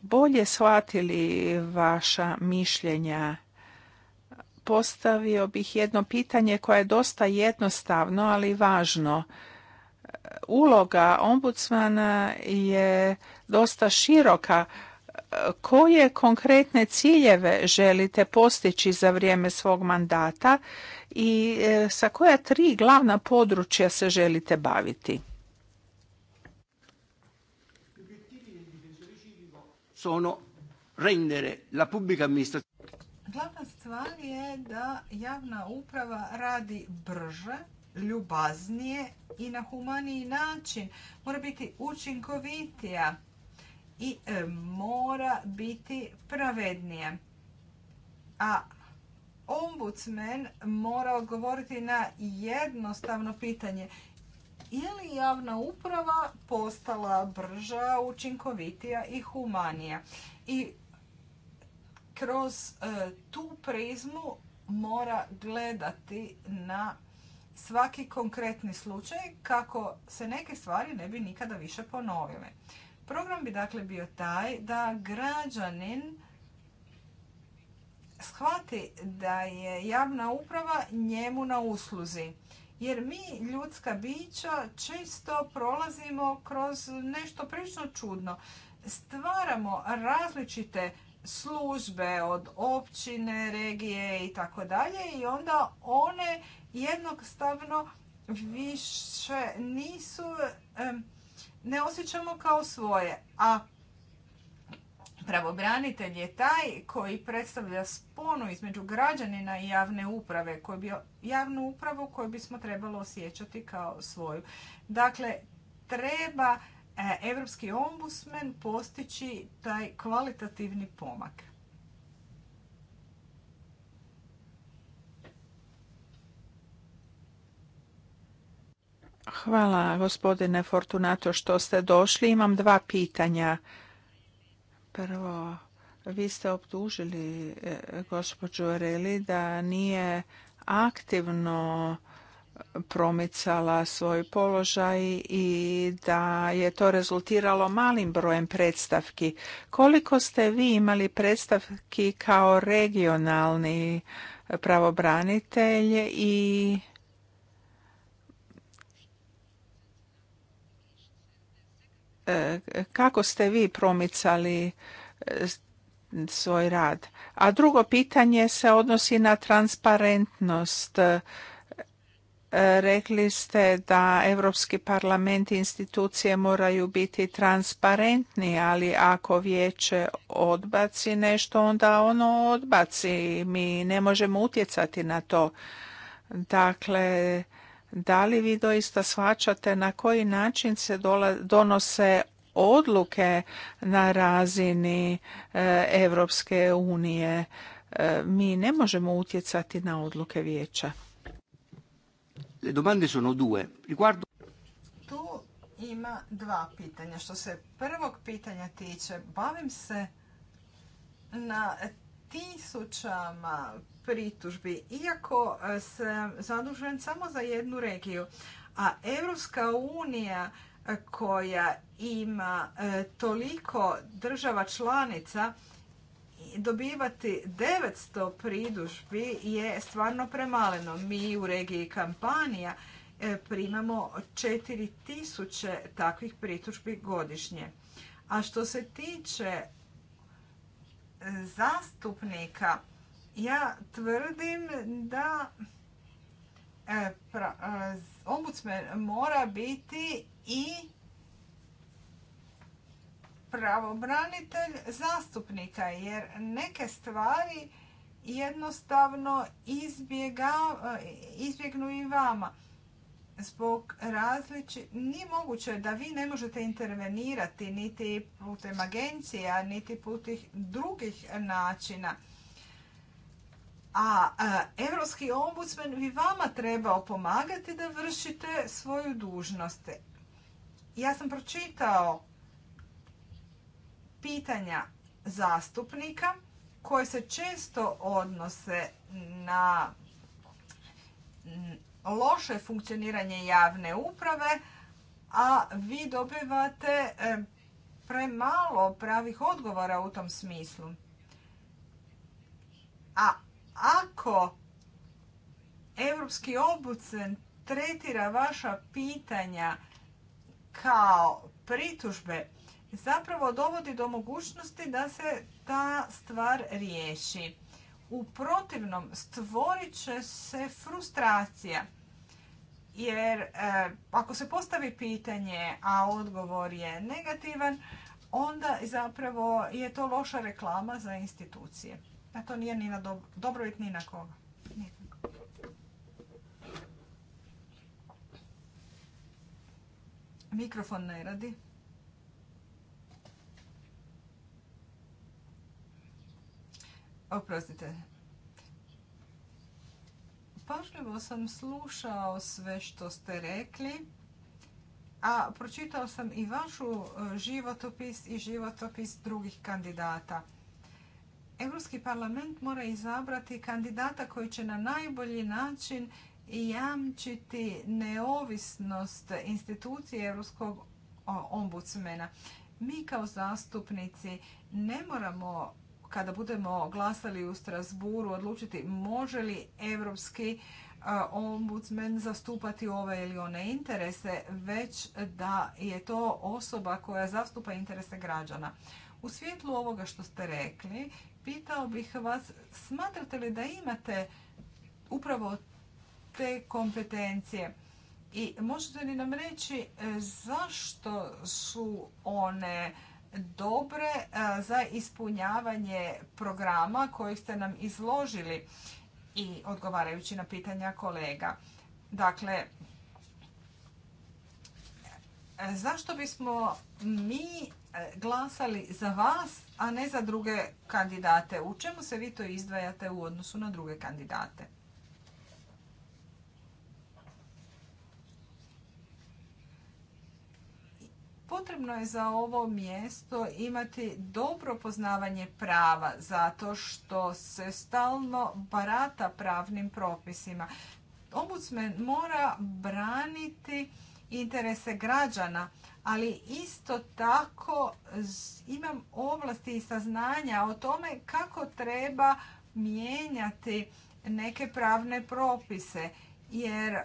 A: bolje shvatili vaša mišljenja, postavio bih jedno pitanje koje je dosta jednostavno, ali važno uloga ombudsmana je dosta široka koje konkretne ciljeve želite postići za vrijeme svog mandata i e, sa koja tri glavna područja se želite baviti?
B: Glavna stvar je da javna uprava radi brže, ljubaznije i na humaniji način. Mora biti učinkovitija i e, mora biti pravednije. A ombudsman mora odgovoriti na jednostavno pitanje je li javna uprava postala brža, učinkovitija i humanija. I kroz e, tu prizmu mora gledati na svaki konkretni slučaj kako se neke stvari ne bi nikada više ponovile. Program bi dakle bio taj da građanin shvati da je javna uprava njemu na usluzi. Jer mi, ljudska bića, često prolazimo kroz nešto prilično čudno. Stvaramo različite službe od općine, regije i tako dalje i onda one jednostavno više nisu ne osjećamo kao svoje. A pravobranitelj je taj koji predstavlja sponu između građanina i javne uprave, koji bi, javnu upravu koju bismo trebalo osjećati kao svoju. Dakle, treba Europski ombudsman postići taj kvalitativni pomak.
A: Hvala gospodine Fortunato što ste došli. Imam dva pitanja. Prvo, vi ste optužili e, gospođu Reli da nije aktivno promicala svoj položaj i da je to rezultiralo malim brojem predstavki. Koliko ste vi imali predstavki kao regionalni pravobranitelj i kako ste vi promicali e, svoj rad? A drugo pitanje se odnosi na transparentnost. E, rekli ste da Europski parlament i institucije moraju biti transparentni, ali ako vijeće odbaci nešto, onda ono odbaci. Mi ne možemo utjecati na to. Dakle, da li vi doista shvaćate na koji način se donose odluke na razini Europske unije? E, mi ne možemo utjecati na odluke vijeća.
D: Le domande sono due. Riguardo...
B: Tu ima dva pitanja. Što se prvog pitanja tiče, bavim se na tisućama pritužbi, iako se zadužen samo za jednu regiju. A Evropska unija e, koja ima e, toliko država članica dobivati 900 pridužbi je stvarno premaleno. Mi u regiji Kampanija e, primamo 4000 takvih pritužbi godišnje. A što se tiče zastupnika, ja tvrdim da e, e, ombudsman mora biti i pravobranitelj zastupnika jer neke stvari jednostavno e, izbjegnu i vama zbog različi... Nije moguće da vi ne možete intervenirati niti putem agencija, niti putem drugih načina. A e, europski ombudsman bi vama trebao pomagati da vršite svoju dužnost. Ja sam pročitao pitanja zastupnika koje se često odnose na loše funkcioniranje javne uprave, a vi dobivate e, premalo pravih odgovora u tom smislu. A ako Europski obucen tretira vaša pitanja kao pritužbe, zapravo dovodi do mogućnosti da se ta stvar riješi. U protivnom stvorit će se frustracija. Jer e, ako se postavi pitanje, a odgovor je negativan, onda zapravo je to loša reklama za institucije. A to nije ni na dobrobit ni na koga. Mikrofon ne radi. Oprostite. Pažljivo sam slušao sve što ste rekli, a pročitao sam i vašu e, životopis i životopis drugih kandidata. Europski parlament mora izabrati kandidata koji će na najbolji način jamčiti neovisnost institucije Europskog ombudsmena. Mi kao zastupnici ne moramo kada budemo glasali u Strasburu odlučiti može li Europski e, ombudsmen zastupati ove ili one interese, već da je to osoba koja zastupa interese građana. U svjetlu ovoga što ste rekli, pitao bih vas, smatrate li da imate upravo te kompetencije? I možete li nam reći e, zašto su one dobre e, za ispunjavanje programa kojeg ste nam izložili i odgovarajući na pitanja kolega? Dakle, e, zašto bismo mi glasali za vas a ne za druge kandidate. U čemu se vi to izdvajate u odnosu na druge kandidate? Potrebno je za ovo mjesto imati dobro poznavanje prava zato što se stalno barata pravnim propisima. Ombudsman mora braniti interese građana, ali isto tako imam ovlasti i saznanja o tome kako treba mijenjati neke pravne propise, jer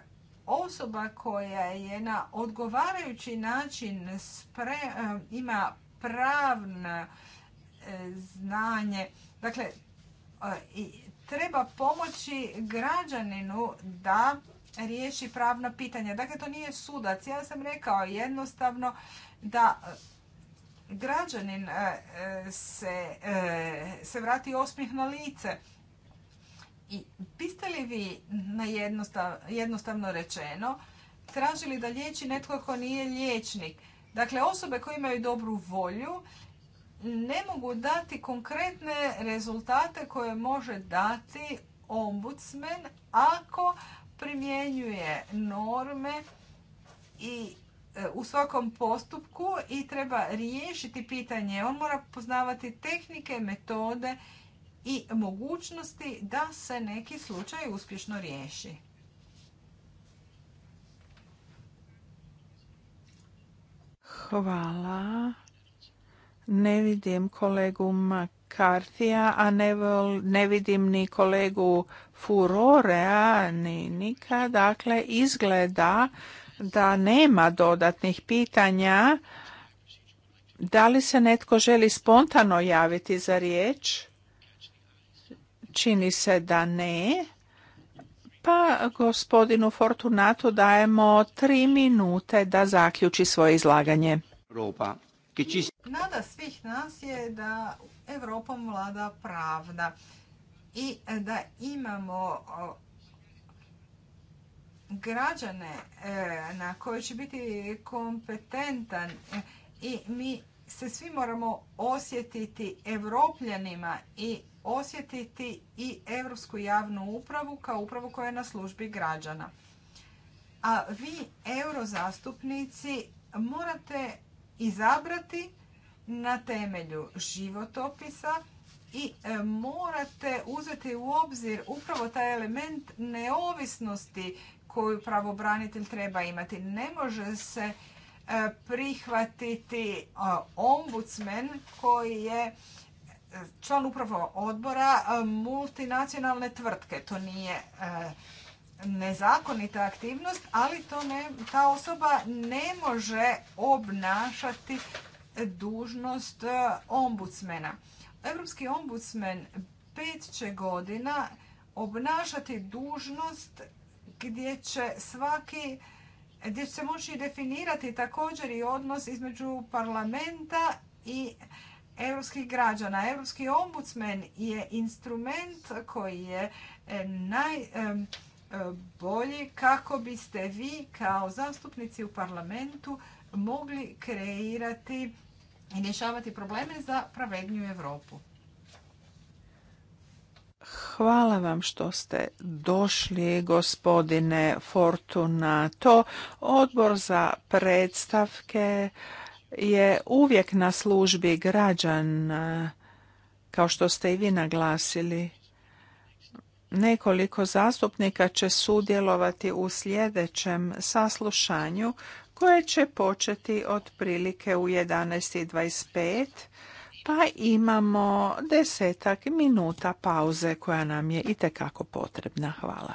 B: osoba koja je na odgovarajući način spre, e, ima pravne znanje, dakle, e, treba pomoći građaninu da riješi pravna pitanja. Dakle, to nije sudac. Ja sam rekao jednostavno da e, građanin e, e, se, se vrati osmih na lice. I biste li vi na jednostavno rečeno tražili da liječi netko ko nije liječnik? Dakle, osobe koje imaju dobru volju ne mogu dati konkretne rezultate koje može dati ombudsman ako primjenjuje norme i e, u svakom postupku i treba riješiti pitanje. On mora poznavati tehnike, metode i mogućnosti da se neki slučaj uspješno riješi.
A: Hvala. Ne vidim kolegu Makartija, a ne, ne vidim ni kolegu ni nikada dakle izgleda da nema dodatnih pitanja. Da li se netko želi spontano javiti za riječ? Čini se da ne. Pa gospodinu Fortunatu dajemo tri minute da zaključi svoje izlaganje.
B: Nada svih nas je da Europom vlada pravda i e, da imamo građane e, na koje će biti kompetentan e, i mi se svi moramo osjetiti evropljanima i osjetiti i Europsku javnu upravu kao upravu koja je na službi građana. A vi, eurozastupnici, morate izabrati na temelju životopisa i e, morate uzeti u obzir upravo taj element neovisnosti koju pravobranitelj treba imati. Ne može se e, prihvatiti e, ombudsman koji je član upravo odbora multinacionalne tvrtke. To nije nezakonita aktivnost, ali to ta osoba ne može obnašati dužnost ombudsmena. Europski ombudsman pet će godina obnašati dužnost gdje će svaki gdje se moći definirati također i odnos između parlamenta i europskih građana. Europski ombudsman je instrument koji je e, najbolji e, kako biste vi kao zastupnici u parlamentu mogli kreirati rješavati probleme za pravedniju Europu.
A: Hvala vam što ste došli, gospodine Fortunato. Odbor za predstavke je uvijek na službi građana, kao što ste i vi naglasili. Nekoliko zastupnika će sudjelovati u sljedećem saslušanju koje će početi otprilike u 11.25 pa imamo desetak minuta pauze koja nam je itekako potrebna. Hvala.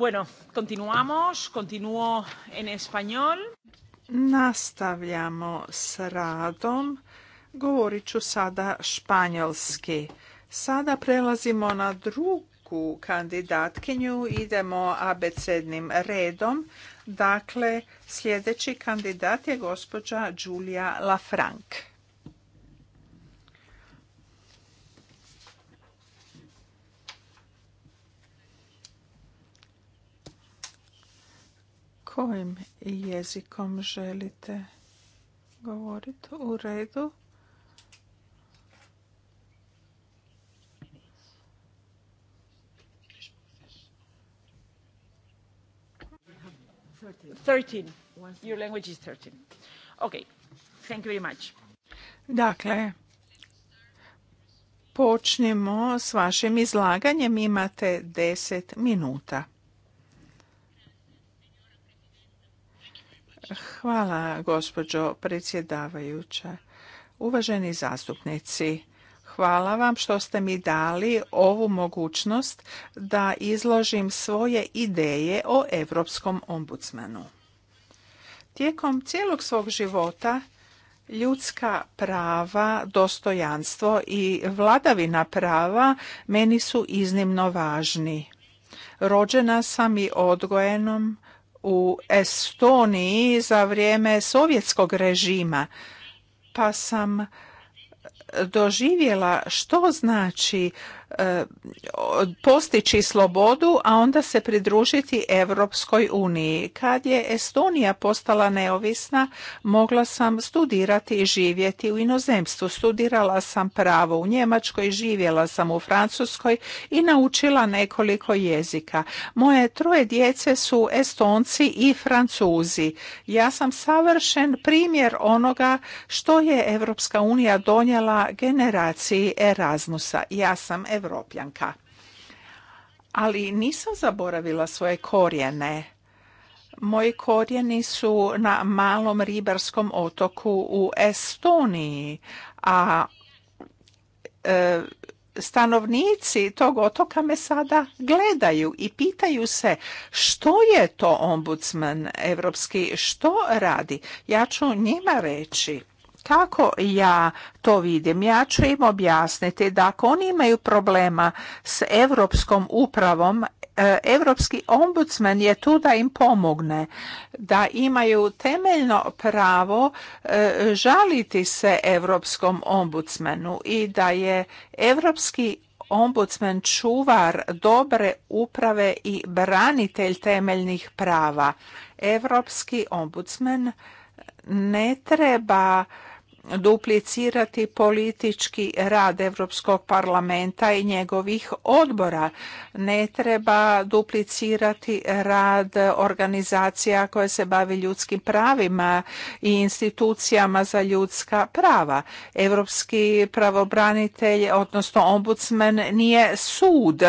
A: Bueno, continuamos, continuo en español. Nastavljamo s radom. Govorit ću sada španjolski. Sada prelazimo na drugu kandidatkinju. Idemo abecednim redom. Dakle, sljedeći kandidat je gospođa Julia Lafranc. Kojim jezikom želite govoriti? U redu. Dakle, počnimo s vašim izlaganjem. Imate deset minuta. Hvala, gospođo predsjedavajuća. Uvaženi zastupnici, hvala vam što ste mi dali ovu mogućnost da izložim svoje ideje o Europskom ombudsmanu. Tijekom cijelog svog života ljudska prava, dostojanstvo i vladavina prava meni su iznimno važni. Rođena sam i odgojenom u Estoniji za vrijeme sovjetskog režima, pa sam doživjela što znači e, postići slobodu, a onda se pridružiti Europskoj uniji. Kad je Estonija postala neovisna, mogla sam studirati i živjeti u inozemstvu. Studirala sam pravo u Njemačkoj, živjela sam u Francuskoj i naučila nekoliko jezika. Moje troje djece su Estonci i Francuzi. Ja sam savršen primjer onoga što je Europska unija donijela generaciji Erasmusa. Ja sam evropljanka. Ali nisam zaboravila svoje korijene. Moji korijeni su na malom ribarskom otoku u Estoniji, a e, stanovnici tog otoka me sada gledaju i pitaju se što je to ombudsman evropski, što radi. Ja ću njima reći kako ja to vidim? Ja ću im objasniti da ako oni imaju problema s europskom upravom, e, Europski ombudsman je tu da im pomogne, da imaju temeljno pravo e, žaliti se Europskom ombudsmanu i da je Europski ombudsman čuvar dobre uprave i branitelj temeljnih prava. Evropski ombudsman ne treba duplicirati politički rad Europskog parlamenta i njegovih odbora. Ne treba duplicirati rad organizacija koje se bavi ljudskim pravima i institucijama za ljudska prava. Evropski pravobranitelj, odnosno ombudsman, nije sud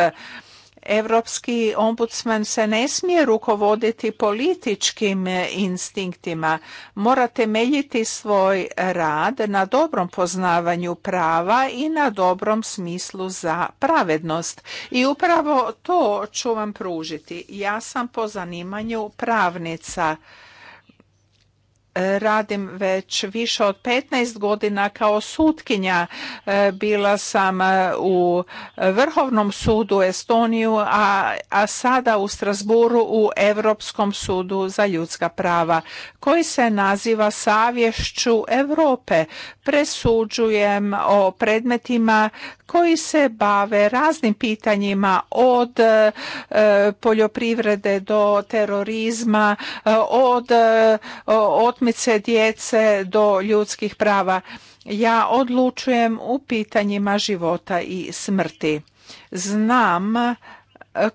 A: Europski ombudsman se ne smije rukovoditi političkim eh, instinktima. Mora temeljiti svoj rad na dobrom poznavanju prava i na dobrom smislu za pravednost. I upravo to ću vam pružiti. Ja sam po zanimanju pravnica radim već više od 15 godina kao sutkinja. E, bila sam e, u Vrhovnom sudu Estoniju, a, a sada u Strasburu u Europskom sudu za ljudska prava, koji se naziva Savješću Europe. Presuđujem o predmetima koji se bave raznim pitanjima od e, poljoprivrede do terorizma, od, od utakmice djece do ljudskih prava. Ja odlučujem u pitanjima života i smrti. Znam e,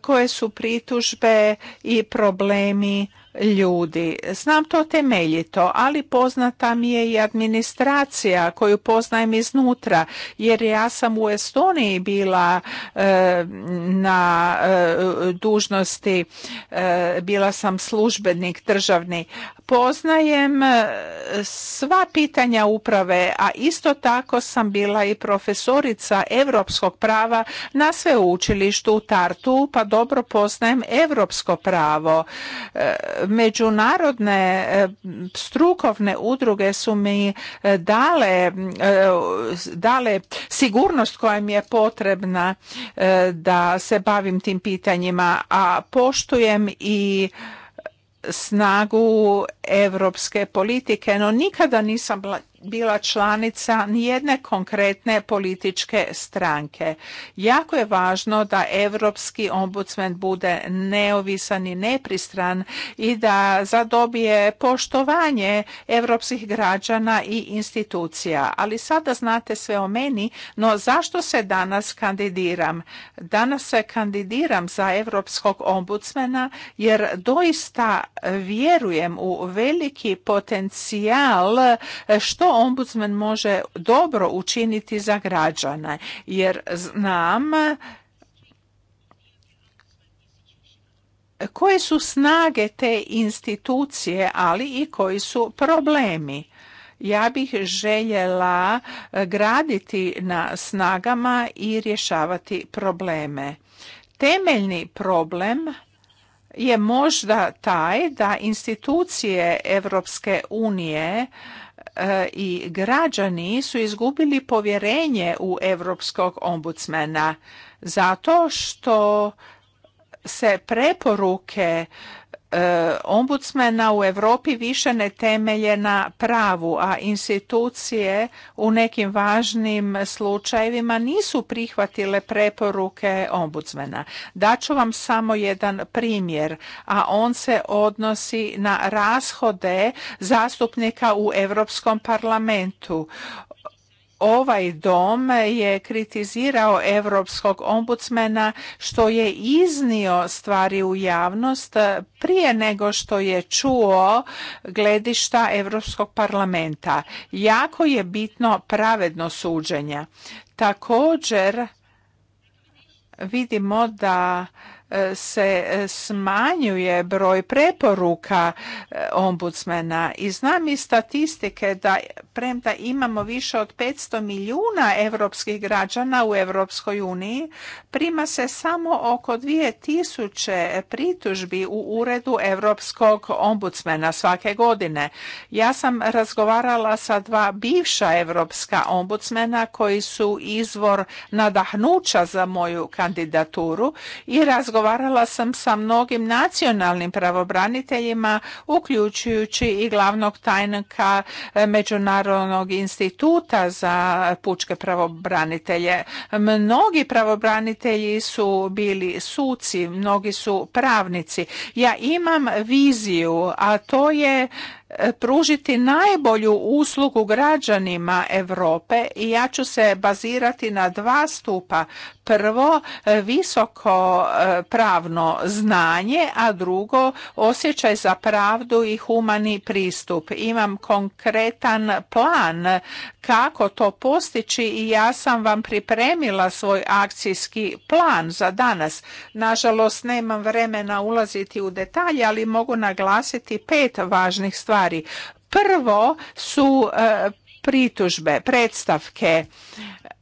A: koje su pritužbe i problemi ljudi. Znam to temeljito, ali poznata mi je i administracija koju poznajem iznutra, jer ja sam u Estoniji bila e, na e, dužnosti, e, bila sam službenik državni. Poznajem sva pitanja uprave, a isto tako sam bila i profesorica europskog prava na sveučilištu u Tartu, pa dobro poznajem europsko pravo međunarodne e, strukovne udruge su mi e, dale, e, dale sigurnost koja mi je potrebna da se bavim tim pitanjima, a poštujem i snagu europske politike, no nikada nisam bila članica nijedne konkretne političke stranke. Jako je važno da europski ombudsman bude neovisan i nepristran i da zadobije poštovanje evropskih građana i institucija. Ali sada znate sve o meni, no zašto se danas kandidiram? Danas se kandidiram za europskog ombudsmana jer doista vjerujem u veliki potencijal što ombudsman može dobro učiniti za građane jer znam koje su snage te institucije, ali i koji su problemi. Ja bih željela graditi na snagama i rješavati probleme. Temeljni problem je možda taj da institucije Europske unije E, i građani su izgubili povjerenje u europskog ombudsmana zato što se preporuke E, ombudsmena u Europi više ne temelje na pravu, a institucije u nekim važnim slučajevima nisu prihvatile preporuke ombudsmena. Daću vam samo jedan primjer, a on se odnosi na rashode zastupnika u Europskom parlamentu ovaj dom je kritizirao europskog ombudsmana što je iznio stvari u javnost prije nego što je čuo gledišta europskog parlamenta jako je bitno pravedno suđenje također vidimo da se smanjuje broj preporuka e, ombudsmena i znam i statistike da premda imamo više od 500 milijuna europskih građana u Europskoj uniji, prima se samo oko 2000 pritužbi u uredu europskog ombudsmena svake godine. Ja sam razgovarala sa dva bivša europska ombudsmena koji su izvor nadahnuća za moju kandidaturu i razgovarala razgovarala sam sa mnogim nacionalnim pravobraniteljima, uključujući i glavnog tajnika e, Međunarodnog instituta za pučke pravobranitelje. Mnogi pravobranitelji su bili suci, mnogi su pravnici. Ja imam viziju, a to je e, pružiti najbolju uslugu građanima Europe i ja ću se bazirati na dva stupa prvo e, visoko e, pravno znanje, a drugo osjećaj za pravdu i humani pristup. Imam konkretan plan kako to postići i ja sam vam pripremila svoj akcijski plan za danas. Nažalost, nemam vremena ulaziti u detalje, ali mogu naglasiti pet važnih stvari. Prvo su e, pritužbe, predstavke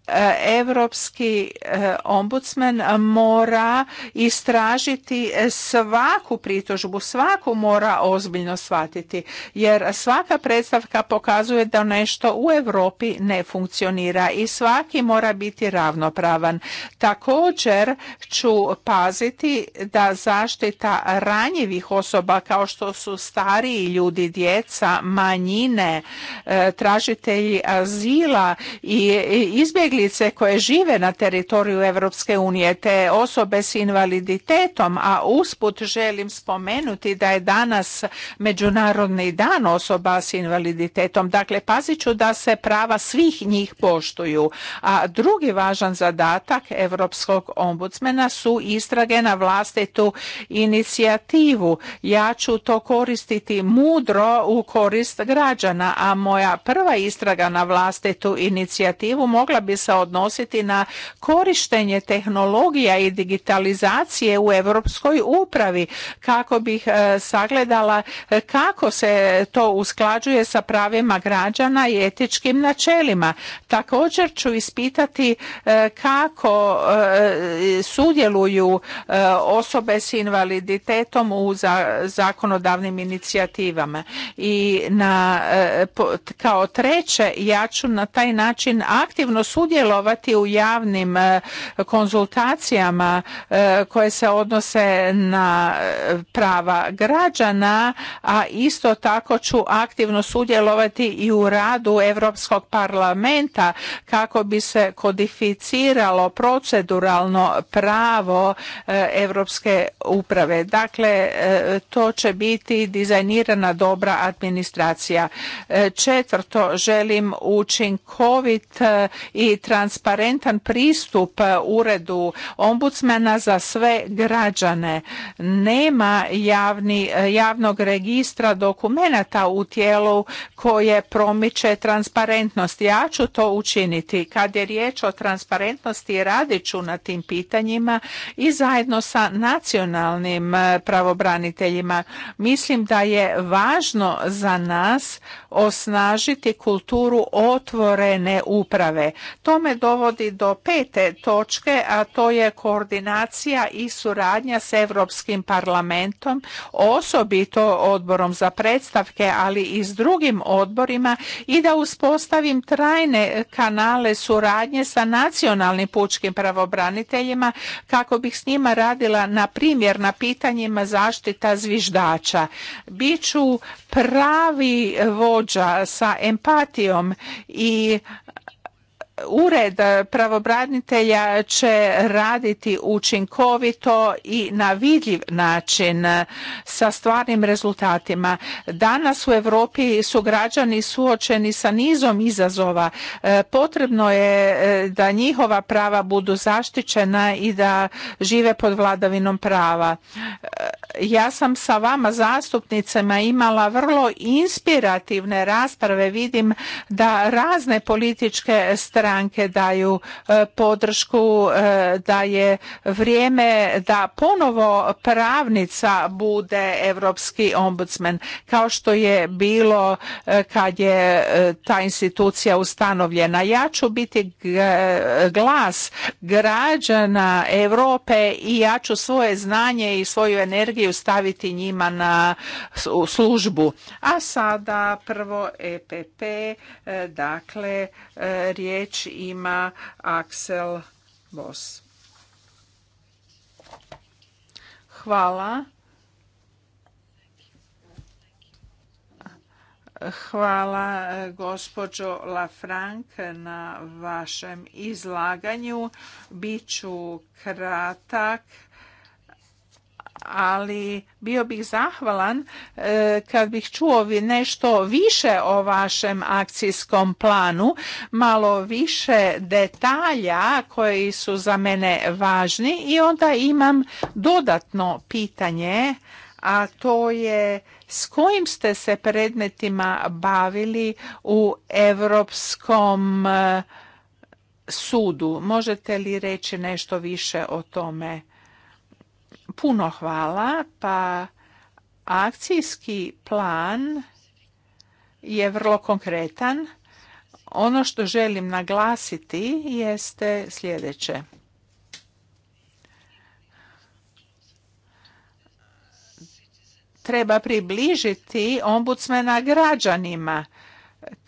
A: Europski e, ombudsman mora istražiti svaku pritužbu, svaku mora ozbiljno shvatiti jer svaka predstavka pokazuje da nešto u Europi ne funkcionira i svaki mora biti ravnopravan. Također ću paziti da zaštita ranjivih osoba kao što su stariji ljudi, djeca, manjine, e, tražitelji azila i izbjeg izbjeglice koje žive na teritoriju Europske unije te osobe s invaliditetom, a usput želim spomenuti da je danas Međunarodni dan osoba s invaliditetom. Dakle, pazit ću da se prava svih njih poštuju. A drugi važan zadatak Europskog ombudsmena su istrage na vlastitu inicijativu. Ja ću to koristiti mudro u korist građana, a moja prva istraga na vlastitu inicijativu mogla bi se odnositi na korištenje tehnologija i digitalizacije u europskoj upravi kako bih e, sagledala kako se to usklađuje sa pravima građana i etičkim načelima. Također ću ispitati e, kako e, sudjeluju osobe s invaliditetom u zakonodavnim inicijativama. I na, kao treće, ja ću na taj način aktivno sudjelovati sudjelovati u javnim e, konzultacijama e, koje se odnose na e, prava građana, a isto tako ću aktivno sudjelovati i u radu Europskog parlamenta kako bi se kodificiralo proceduralno pravo Europske uprave. Dakle, to će biti dizajnirana dobra administracija. Četvrto, želim učinkovit i transparentan pristup e, uredu ombudsmana za sve građane. Nema javni, e, javnog registra dokumenata u tijelu koje promiče transparentnost. Ja ću to učiniti. Kad je riječ o transparentnosti, radit ću na tim pitanjima i zajedno sa nacionalnim e, pravobraniteljima. Mislim da je važno za nas osnažiti kulturu otvorene uprave. To me dovodi do pete točke, a to je koordinacija i suradnja s Europskim parlamentom, osobito odborom za predstavke, ali i s drugim odborima i da uspostavim trajne kanale suradnje sa nacionalnim pučkim pravobraniteljima kako bih s njima radila na primjer na pitanjima zaštita zviždača. Biću pravi vođa sa empatijom i Ured pravobranitelja će raditi učinkovito i na vidljiv način sa stvarnim rezultatima. Danas u Europi su građani suočeni sa nizom izazova. E, potrebno je e, da njihova prava budu zaštićena i da žive pod vladavinom prava. E, ja sam sa vama zastupnicama imala vrlo inspirativne rasprave. Vidim da razne političke strane stranke daju e, podršku e, da je vrijeme da ponovo pravnica bude europski ombudsman kao što je bilo e, kad je ta institucija ustanovljena. Ja ću biti glas građana Europe i ja ću svoje znanje i svoju energiju staviti njima na službu. A sada prvo EPP, dakle riječ ima Aksel Bos. Hvala. Hvala gospođo Lafranc na vašem izlaganju. Biću kratak ali bio bih zahvalan e, kad bih čuo nešto više o vašem akcijskom planu, malo više detalja koji su za mene važni i onda imam dodatno pitanje, a to je s kojim ste se predmetima bavili u Europskom e, sudu. Možete li reći nešto više o tome? Puno hvala, pa akcijski plan je vrlo konkretan. Ono što želim naglasiti jeste sljedeće. Treba približiti ombudsmena građanima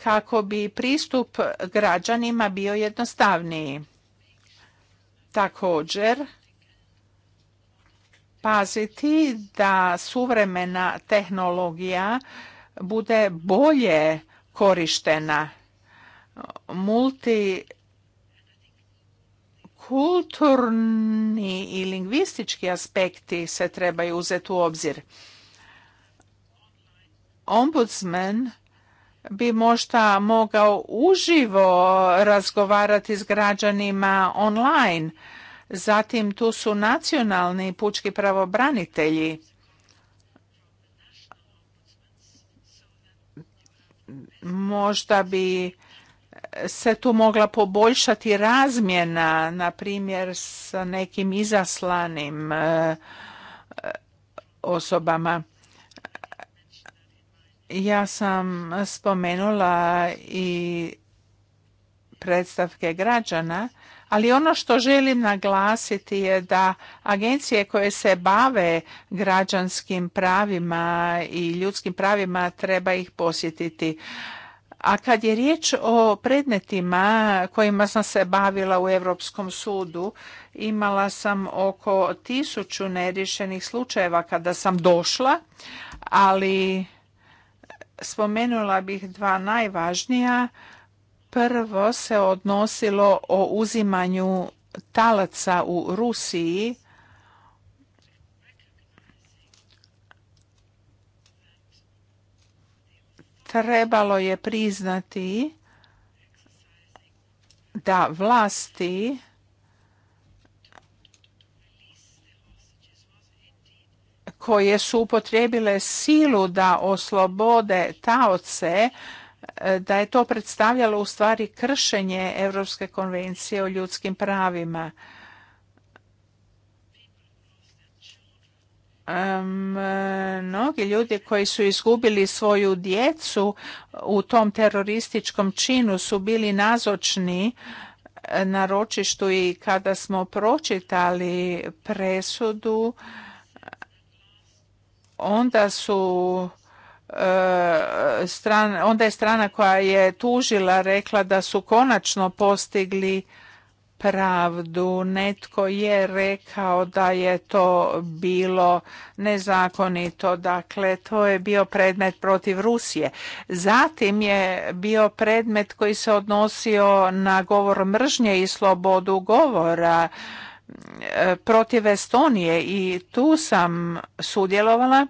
A: kako bi pristup građanima bio jednostavniji. Također, paziti da suvremena tehnologija bude bolje korištena. Multikulturni i lingvistički aspekti se trebaju uzeti u obzir. Ombudsman bi možda mogao uživo razgovarati s građanima online Zatim tu su nacionalni pučki pravobranitelji. Možda bi se tu mogla poboljšati razmjena, na primjer s nekim izaslanim e, osobama. Ja sam spomenula i predstavke građana ali ono što želim naglasiti je da agencije koje se bave građanskim pravima i ljudskim pravima treba ih posjetiti. A kad je riječ o predmetima kojima sam se bavila u Europskom sudu, imala sam oko tisuću neriješenih slučajeva kada sam došla, ali spomenula bih dva najvažnija Prvo se odnosilo o uzimanju talaca u Rusiji. Trebalo je priznati da vlasti koje su upotrijebile silu da oslobode taoce E, da je to predstavljalo u stvari kršenje Europske konvencije o ljudskim pravima. Mnogi ljudi koji su izgubili svoju djecu u tom terorističkom činu su bili nazočni e, na ročištu i kada smo pročitali presudu, onda su E, onda je strana koja je tužila rekla da su konačno postigli pravdu. Netko je rekao da je to bilo nezakonito. Dakle, to je bio predmet protiv Rusije. Zatim je bio predmet koji se odnosio na govor mržnje i slobodu govora e, protiv Estonije i tu sam sudjelovala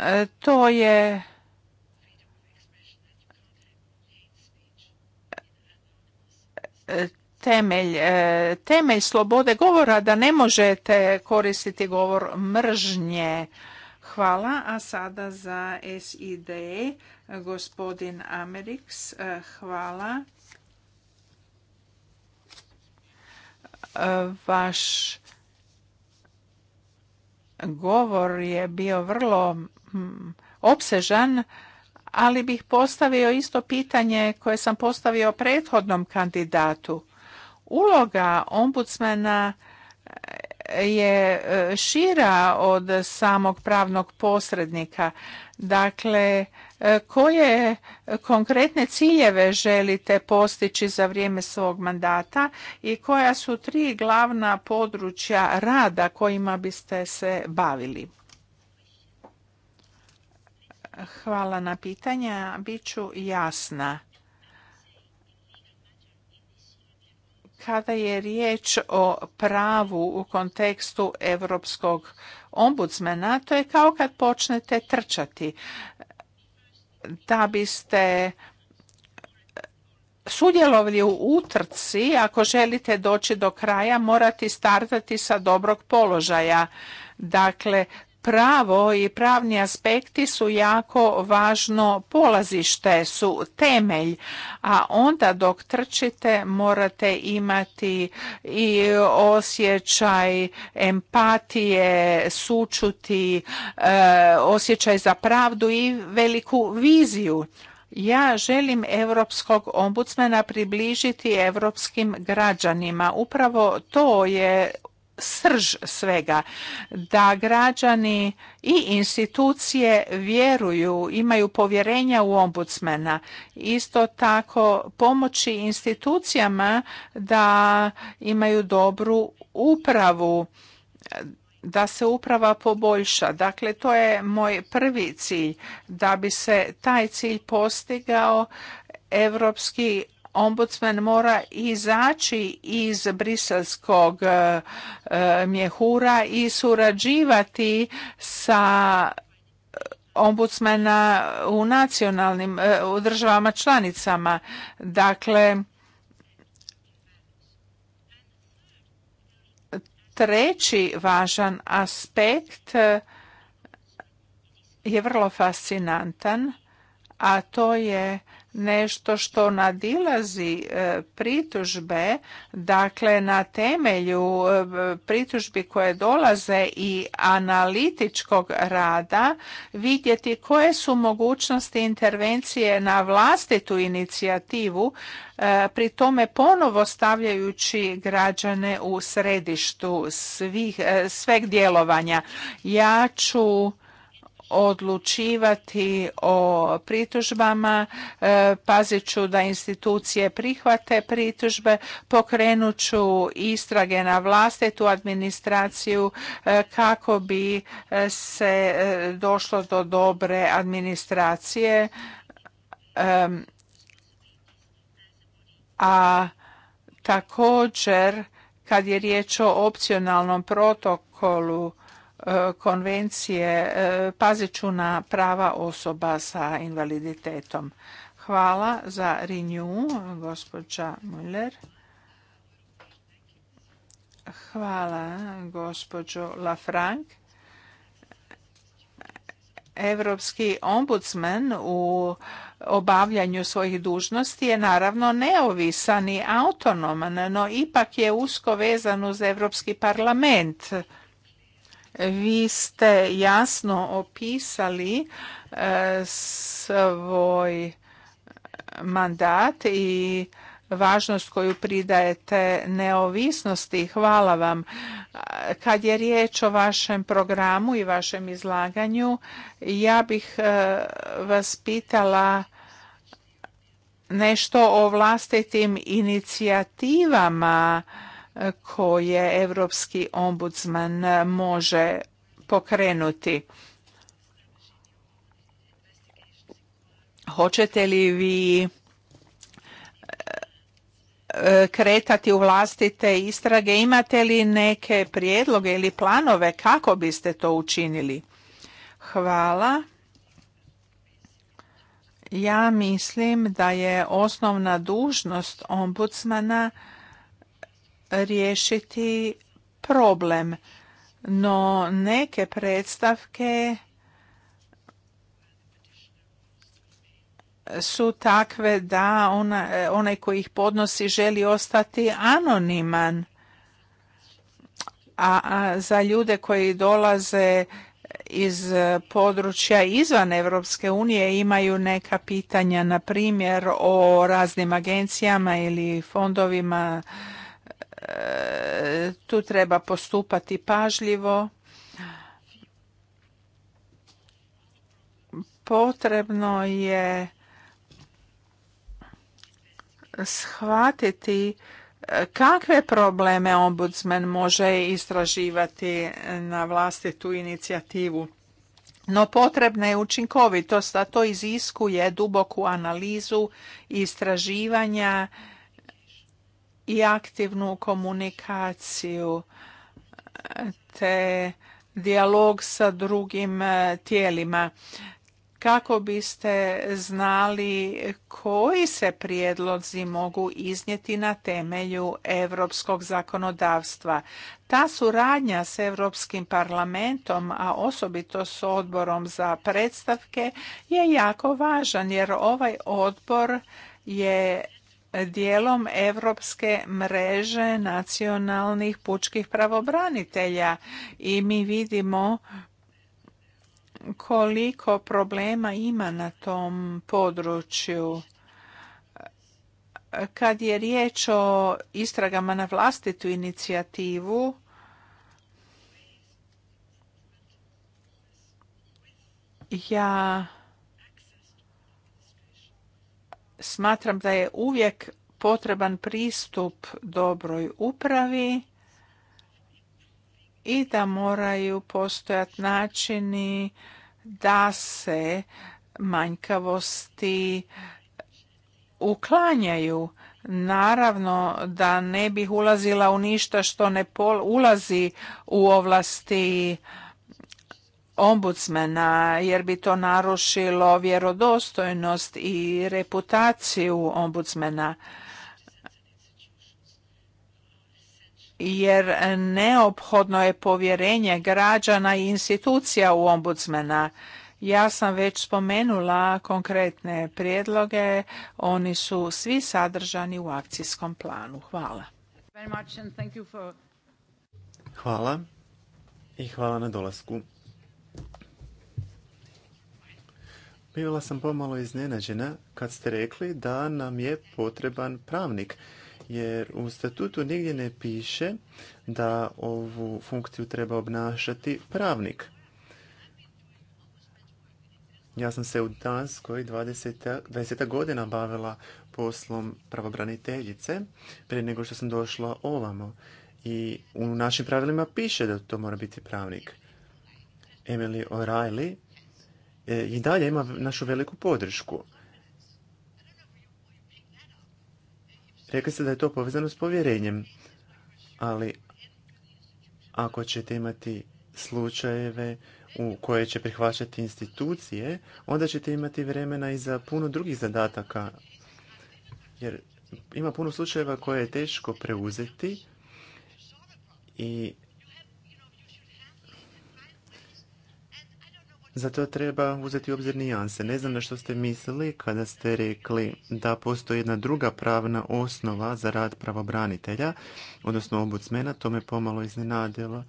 A: E, to je e, temelj, e, temelj slobode govora da ne možete koristiti govor mržnje. Hvala, a sada za SID gospodin Ameriks. Hvala. Vaš govor je bio vrlo Hmm, opsežan, ali bih postavio isto pitanje koje sam postavio prethodnom kandidatu. Uloga ombudsmana e, je e, šira od samog pravnog posrednika. Dakle, e, koje konkretne ciljeve želite postići za vrijeme svog mandata i koja su tri glavna područja rada kojima biste se bavili? Hvala na pitanja. Biću jasna. Kada je riječ o pravu u kontekstu europskog ombudsmana, to je kao kad počnete trčati. Da biste sudjelovali u utrci, ako želite doći do kraja, morati startati sa dobrog položaja. Dakle, pravo i pravni aspekti su jako važno polazište, su temelj, a onda dok trčite morate imati i osjećaj empatije, sučuti, eh, osjećaj za pravdu i veliku viziju. Ja želim europskog ombudsmana približiti europskim građanima. Upravo to je srž svega, da građani i institucije vjeruju, imaju povjerenja u ombudsmena. Isto tako pomoći institucijama da imaju dobru upravu, da se uprava poboljša. Dakle, to je moj prvi cilj. Da bi se taj cilj postigao, Europski ombudsman mora izaći iz briselskog e, e, mjehura i surađivati sa ombudsmana u nacionalnim e, u državama članicama. Dakle, treći važan aspekt je vrlo fascinantan, a to je nešto što nadilazi e, pritužbe, dakle na temelju e, pritužbi koje dolaze i analitičkog rada vidjeti koje su mogućnosti intervencije na vlastitu inicijativu, e, pri tome ponovo stavljajući građane u središtu svih, sveg djelovanja. Ja ću odlučivati o pritužbama, e, pazit ću da institucije prihvate pritužbe, pokrenut ću istrage na vlastitu administraciju e, kako bi e, se došlo do dobre administracije. A također kad je riječ o opcionalnom protokolu E, konvencije e, pazit ću na prava osoba sa invaliditetom. Hvala za Renew, gospođa Müller. Hvala, gospođo Lafranc. Europski ombudsman u obavljanju svojih dužnosti je naravno neovisan i autonoman, no ipak je usko vezan uz Europski parlament. Vi ste jasno opisali e, svoj mandat i važnost koju pridajete neovisnosti. Hvala vam. Kad je riječ o vašem programu i vašem izlaganju, ja bih e, vas pitala nešto o vlastitim inicijativama koje Europski ombudsman može pokrenuti. Hoćete li vi e, kretati u vlastite istrage? Imate li neke prijedloge ili planove kako biste to učinili? Hvala. Ja mislim da je osnovna dužnost ombudsmana riješiti problem, no neke predstavke su takve da ona, onaj koji ih podnosi želi ostati anoniman. A, a za ljude koji dolaze iz područja izvan Europske unije imaju neka pitanja, na primjer o raznim agencijama ili fondovima tu treba postupati pažljivo. Potrebno je shvatiti e, kakve probleme ombudsman može istraživati na vlastitu inicijativu. No potrebna je učinkovitost, a to iziskuje duboku analizu istraživanja i aktivnu komunikaciju te dijalog sa drugim e, tijelima kako biste znali koji se prijedlozi mogu iznijeti na temelju europskog zakonodavstva. Ta suradnja s Europskim parlamentom, a osobito s odborom za predstavke, je jako važan jer ovaj odbor je dijelom europske mreže nacionalnih pučkih pravobranitelja i mi vidimo koliko problema ima na tom području kad je riječ o istragama na vlastitu inicijativu ja smatram da je uvijek potreban pristup dobroj upravi i da moraju postojati načini da se manjkavosti uklanjaju. Naravno da ne bih ulazila u ništa što ne ulazi u ovlasti ombudsmana jer bi to narušilo vjerodostojnost i reputaciju ombudsmana. jer neophodno je povjerenje građana i institucija u Ombudsmana. Ja sam već spomenula konkretne prijedloge, oni su svi sadržani u akcijskom planu. Hvala.
C: Hvala i hvala na dolasku. Bila sam pomalo iznenađena kad ste rekli da nam je potreban pravnik, jer u statutu nigdje ne piše da ovu funkciju treba obnašati pravnik. Ja sam se u Danskoj 20. godina bavila poslom pravobraniteljice prije nego što sam došla ovamo. I u našim pravilima piše da to mora biti pravnik. Emily O'Reilly E, i dalje ima našu veliku podršku. Rekli ste da je to povezano s povjerenjem, ali ako ćete imati slučajeve u koje će prihvaćati institucije, onda ćete imati vremena i za puno drugih zadataka. Jer ima puno slučajeva koje je teško preuzeti i Za to treba uzeti u obzir nijanse. Ne znam na što ste mislili kada ste rekli da postoji jedna druga pravna osnova za rad pravobranitelja, odnosno obucmena. to me pomalo iznenadilo.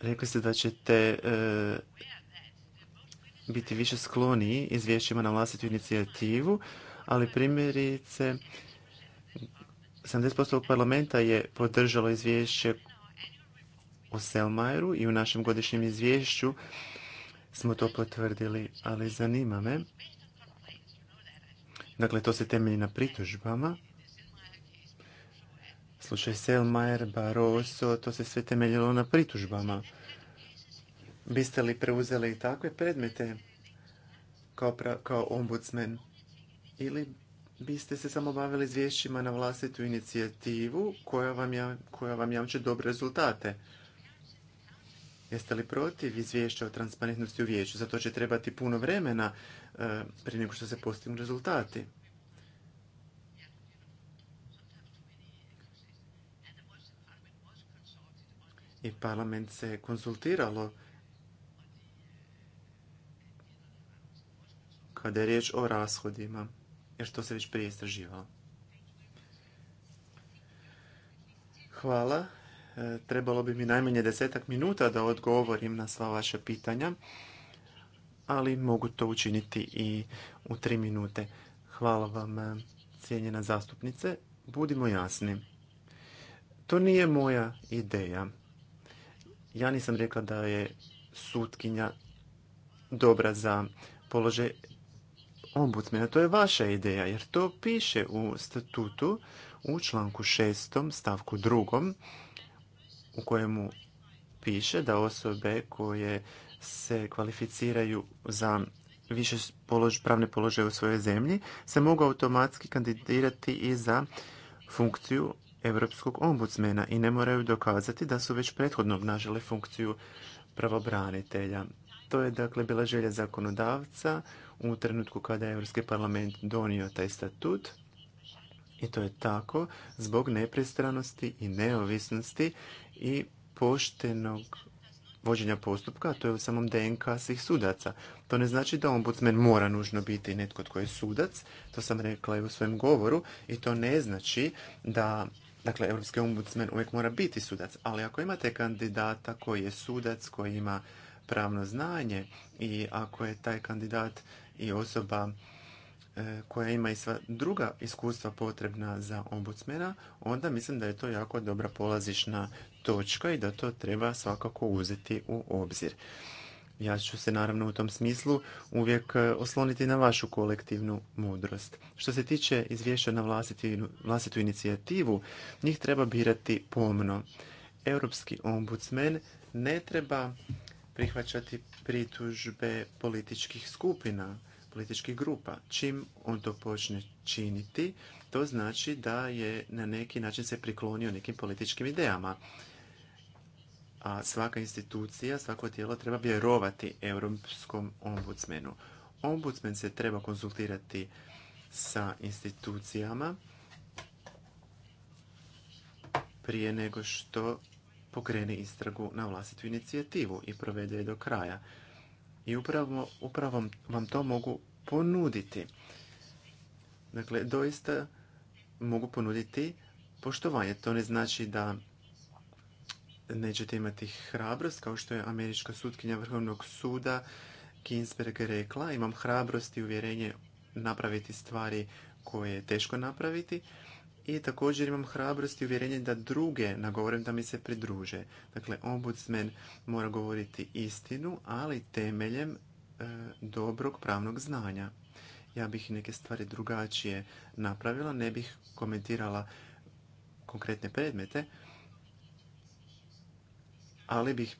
C: Rekli ste da ćete e, biti više skloniji izvješćima na vlastitu inicijativu, ali primjerice 70% parlamenta je podržalo izvješće o Selmajeru i u našem godišnjem izvješću smo to potvrdili, ali zanima me. Dakle, to se temelji na pritužbama. Slučaj Selmajer, Barroso, to se sve temeljilo na pritužbama. Biste li preuzeli i takve predmete kao, pra, kao ombudsman ili biste se samo bavili izvješćima na vlastitu inicijativu koja vam, ja, vam dobre rezultate? Jeste li protiv izvješća o transparentnosti u vijeću? Zato će trebati puno vremena e, prije nego što se postignu rezultati. I parlament se konsultiralo kada je riječ o rashodima, jer to se već prije istraživalo. Hvala. E, trebalo bi mi najmanje desetak minuta da odgovorim na sva vaša pitanja, ali mogu to učiniti i u tri minute. Hvala vam, e, cijenjena zastupnice. Budimo jasni. To nije moja ideja. Ja nisam rekla da je sutkinja dobra za položaj ombudsmena. To je vaša ideja, jer to piše u statutu u članku šestom stavku drugom u kojemu piše da osobe koje se kvalificiraju za više polož, pravne položaje u svojoj zemlji se mogu automatski kandidirati i za funkciju europskog ombudsmena i ne moraju dokazati da su već prethodno obnažile funkciju pravobranitelja. To je dakle bila želja zakonodavca u trenutku kada je Europski parlament donio taj statut i to je tako zbog nepristranosti i neovisnosti i poštenog vođenja postupka, to je u samom DNK svih sudaca. To ne znači da ombudsman mora nužno biti netko tko je sudac, to sam rekla i u svojem govoru, i to ne znači da Dakle, Europski ombudsman uvijek mora biti sudac, ali ako imate kandidata koji je sudac, koji ima pravno znanje i ako je taj kandidat i osoba E, koja ima i sva druga iskustva potrebna za ombudsmena, onda mislim da je to jako dobra polazišna točka i da to treba svakako uzeti u obzir. Ja ću se naravno u tom smislu uvijek e, osloniti na vašu kolektivnu mudrost. Što se tiče izvješća na vlastitu, inicijativu, njih treba birati pomno. Europski ombudsmen ne treba prihvaćati pritužbe političkih skupina političkih grupa. Čim on to počne činiti, to znači da je na neki način se priklonio nekim političkim idejama. A svaka institucija, svako tijelo treba vjerovati europskom ombudsmenu. Ombudsmen se treba konzultirati sa institucijama prije nego što pokrene istragu na vlastitu inicijativu i provede je do kraja i upravo, upravo vam to mogu ponuditi. Dakle, doista mogu ponuditi poštovanje. To ne znači da nećete imati hrabrost, kao što je američka sutkinja Vrhovnog suda Ginsberg rekla. Imam hrabrost i uvjerenje napraviti stvari koje je teško napraviti, i također imam hrabrost i uvjerenje da druge nagovorim da mi se pridruže. Dakle, ombudsman mora govoriti istinu, ali temeljem e, dobrog pravnog znanja. Ja bih neke stvari drugačije napravila, ne bih komentirala konkretne predmete, ali bih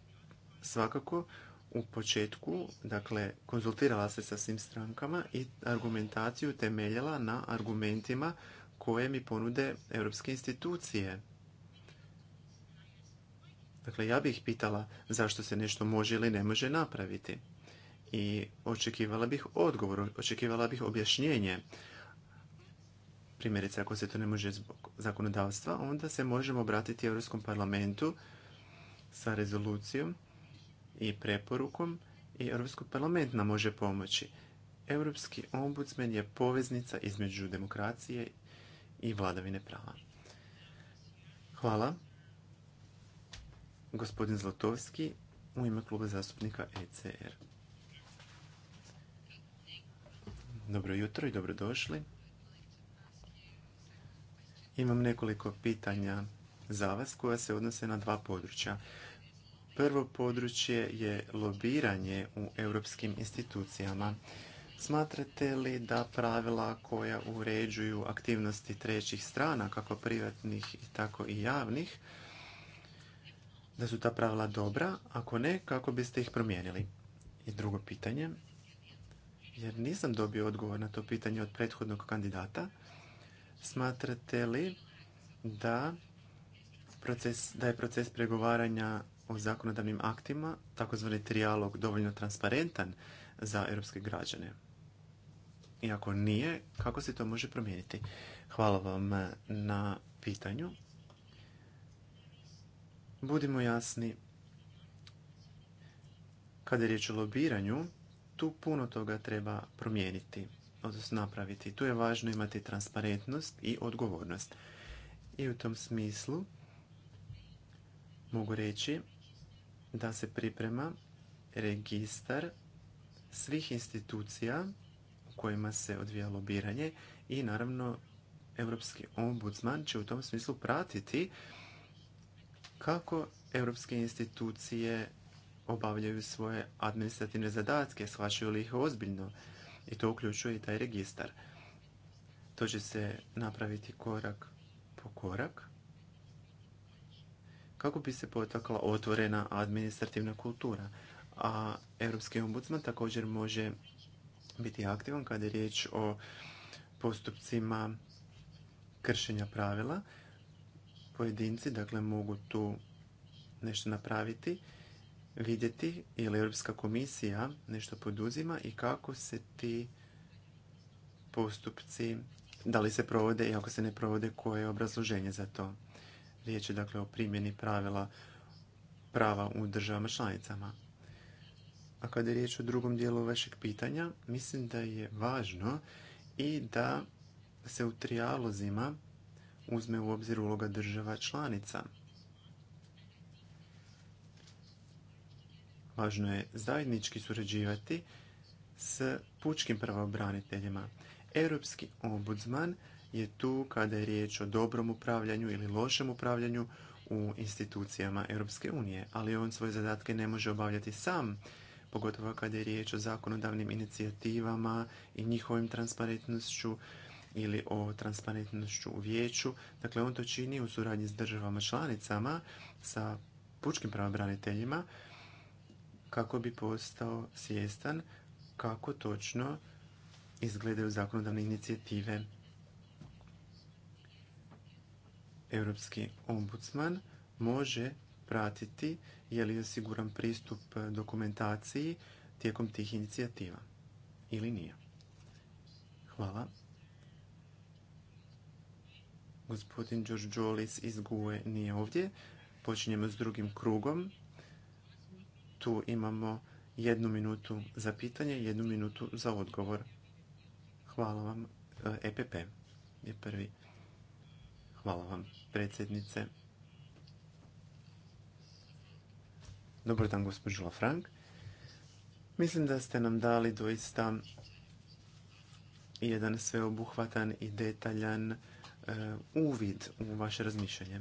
C: svakako u početku, dakle, konzultirala se sa svim strankama i argumentaciju temeljila na argumentima koje mi ponude europske institucije. Dakle, ja bih pitala zašto se nešto može ili ne može napraviti. I očekivala bih odgovor, očekivala bih objašnjenje. Primjerice, ako se to ne može zbog zakonodavstva, onda se možemo obratiti Europskom parlamentu sa rezolucijom i preporukom i Europski parlament nam može pomoći. Europski ombudsman je poveznica između demokracije i vladavine prava. Hvala. Gospodin Zlatovski u ime kluba zastupnika ECR. Dobro jutro i dobrodošli. Imam nekoliko pitanja za vas koja se odnose na dva područja. Prvo područje je lobiranje u europskim institucijama. Smatrate li da pravila koja uređuju aktivnosti trećih strana, kako privatnih i tako i javnih, da su ta pravila dobra, ako ne, kako biste ih promijenili? I drugo pitanje, jer nisam dobio odgovor na to pitanje od prethodnog kandidata, smatrate li da, proces, da je proces pregovaranja o zakonodavnim aktima, takozvani trijalog, dovoljno transparentan za europske građane? I ako nije, kako se to može promijeniti? Hvala vam eh, na pitanju. Budimo jasni, kada je riječ o lobiranju, tu puno toga treba promijeniti, odnosno napraviti. Tu je važno imati transparentnost i odgovornost. I u tom smislu mogu reći da se priprema registar svih institucija kojima se odvija lobiranje i naravno Europski ombudsman će u tom smislu pratiti kako europske institucije obavljaju svoje administrativne zadatke, shvaćaju li ih ozbiljno i to uključuje i taj registar. To će se napraviti korak po korak kako bi se potakla otvorena administrativna kultura. A Europski ombudsman također može biti aktivan kada je riječ o postupcima kršenja pravila. Pojedinci dakle mogu tu nešto napraviti, vidjeti ili Europska komisija nešto poduzima i kako se ti postupci, da li se provode i ako se ne provode, koje je obrazloženje za to. Riječ je dakle o primjeni pravila prava u državama članicama. A kada je riječ o drugom dijelu vašeg pitanja, mislim da je važno i da se u trijalozima uzme u obzir uloga država članica. Važno je zajednički surađivati s pučkim pravobraniteljima. Europski ombudsman je tu kada je riječ o dobrom upravljanju ili lošem upravljanju u institucijama Europske unije, ali on svoje zadatke ne može obavljati sam pogotovo kada je riječ o zakonodavnim inicijativama i njihovim transparentnošću ili o transparentnošću u vijeću. Dakle, on to čini u suradnji s državama članicama, sa pučkim pravobraniteljima, kako bi postao svjestan kako točno izgledaju zakonodavne inicijative. Europski ombudsman može pratiti je li osiguran pristup dokumentaciji tijekom tih inicijativa ili nije. Hvala. Gospodin Đorđolis iz GUE nije ovdje. Počinjemo s drugim krugom. Tu imamo jednu minutu za pitanje, jednu minutu za odgovor. Hvala vam. EPP e je prvi. Hvala vam, predsjednice. Dobar dan, gospođo Lafranc. Mislim da ste nam dali doista jedan sveobuhvatan i detaljan e, uvid u vaše razmišljanje.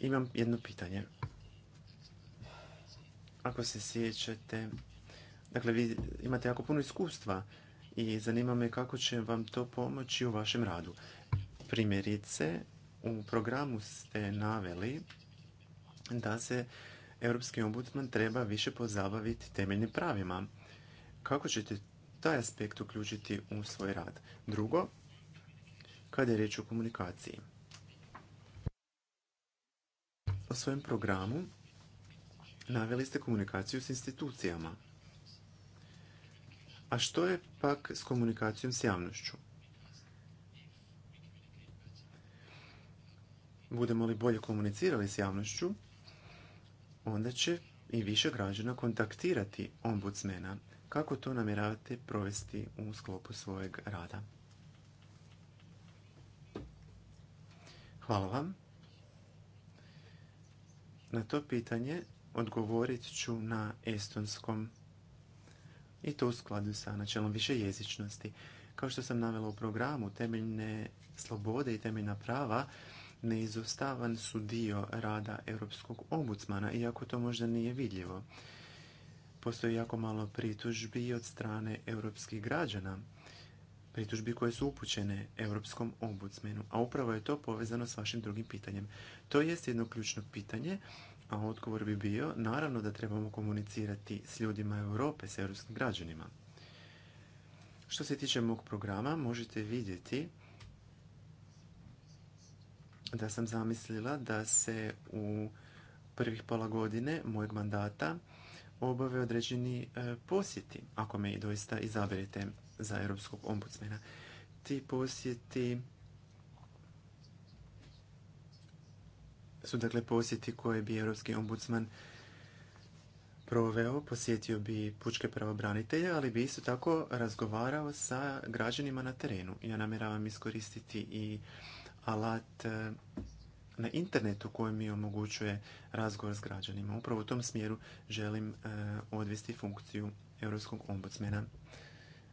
C: Imam jedno pitanje. Ako se sjećate, dakle vi imate jako puno iskustva i zanima me kako će vam to pomoći u vašem radu. Primjerice, u programu ste naveli da se Europski ombudsman treba više pozabaviti temeljnim pravima. Kako ćete taj aspekt uključiti u svoj rad? Drugo, kada je reč o komunikaciji. O svojem programu naveli ste komunikaciju s institucijama. A što je pak s komunikacijom s javnošću? Budemo li bolje komunicirali s javnošću, onda će i više građana kontaktirati ombudsmena. Kako to namjeravate provesti u sklopu svojeg rada? Hvala vam. Na to pitanje odgovorit ću na estonskom i to u skladu sa načelom jezičnosti. Kao što sam navela u programu, temeljne slobode i temeljna prava neizostavan su dio rada europskog ombudsmana, iako to možda nije vidljivo. Postoji jako malo pritužbi od strane europskih građana, pritužbi koje su upućene europskom Ombudsmanu, a upravo je to povezano s vašim drugim pitanjem. To jest jedno ključno pitanje, a odgovor bi bio naravno da trebamo komunicirati s ljudima Europe, s europskim građanima. Što se tiče mog programa, možete vidjeti da sam zamislila da se u prvih pola godine mojeg mandata obave određeni e, posjeti, ako me i doista izaberete za europskog ombudsmena. Ti posjeti su dakle posjeti koje bi europski ombudsman proveo, posjetio bi pučke pravobranitelje, ali bi isto tako razgovarao sa građanima na terenu. Ja namjeravam iskoristiti i alat e, na internetu koji mi omogućuje razgovor s građanima. Upravo u tom smjeru želim e, odvesti funkciju Europskog ombudsmena.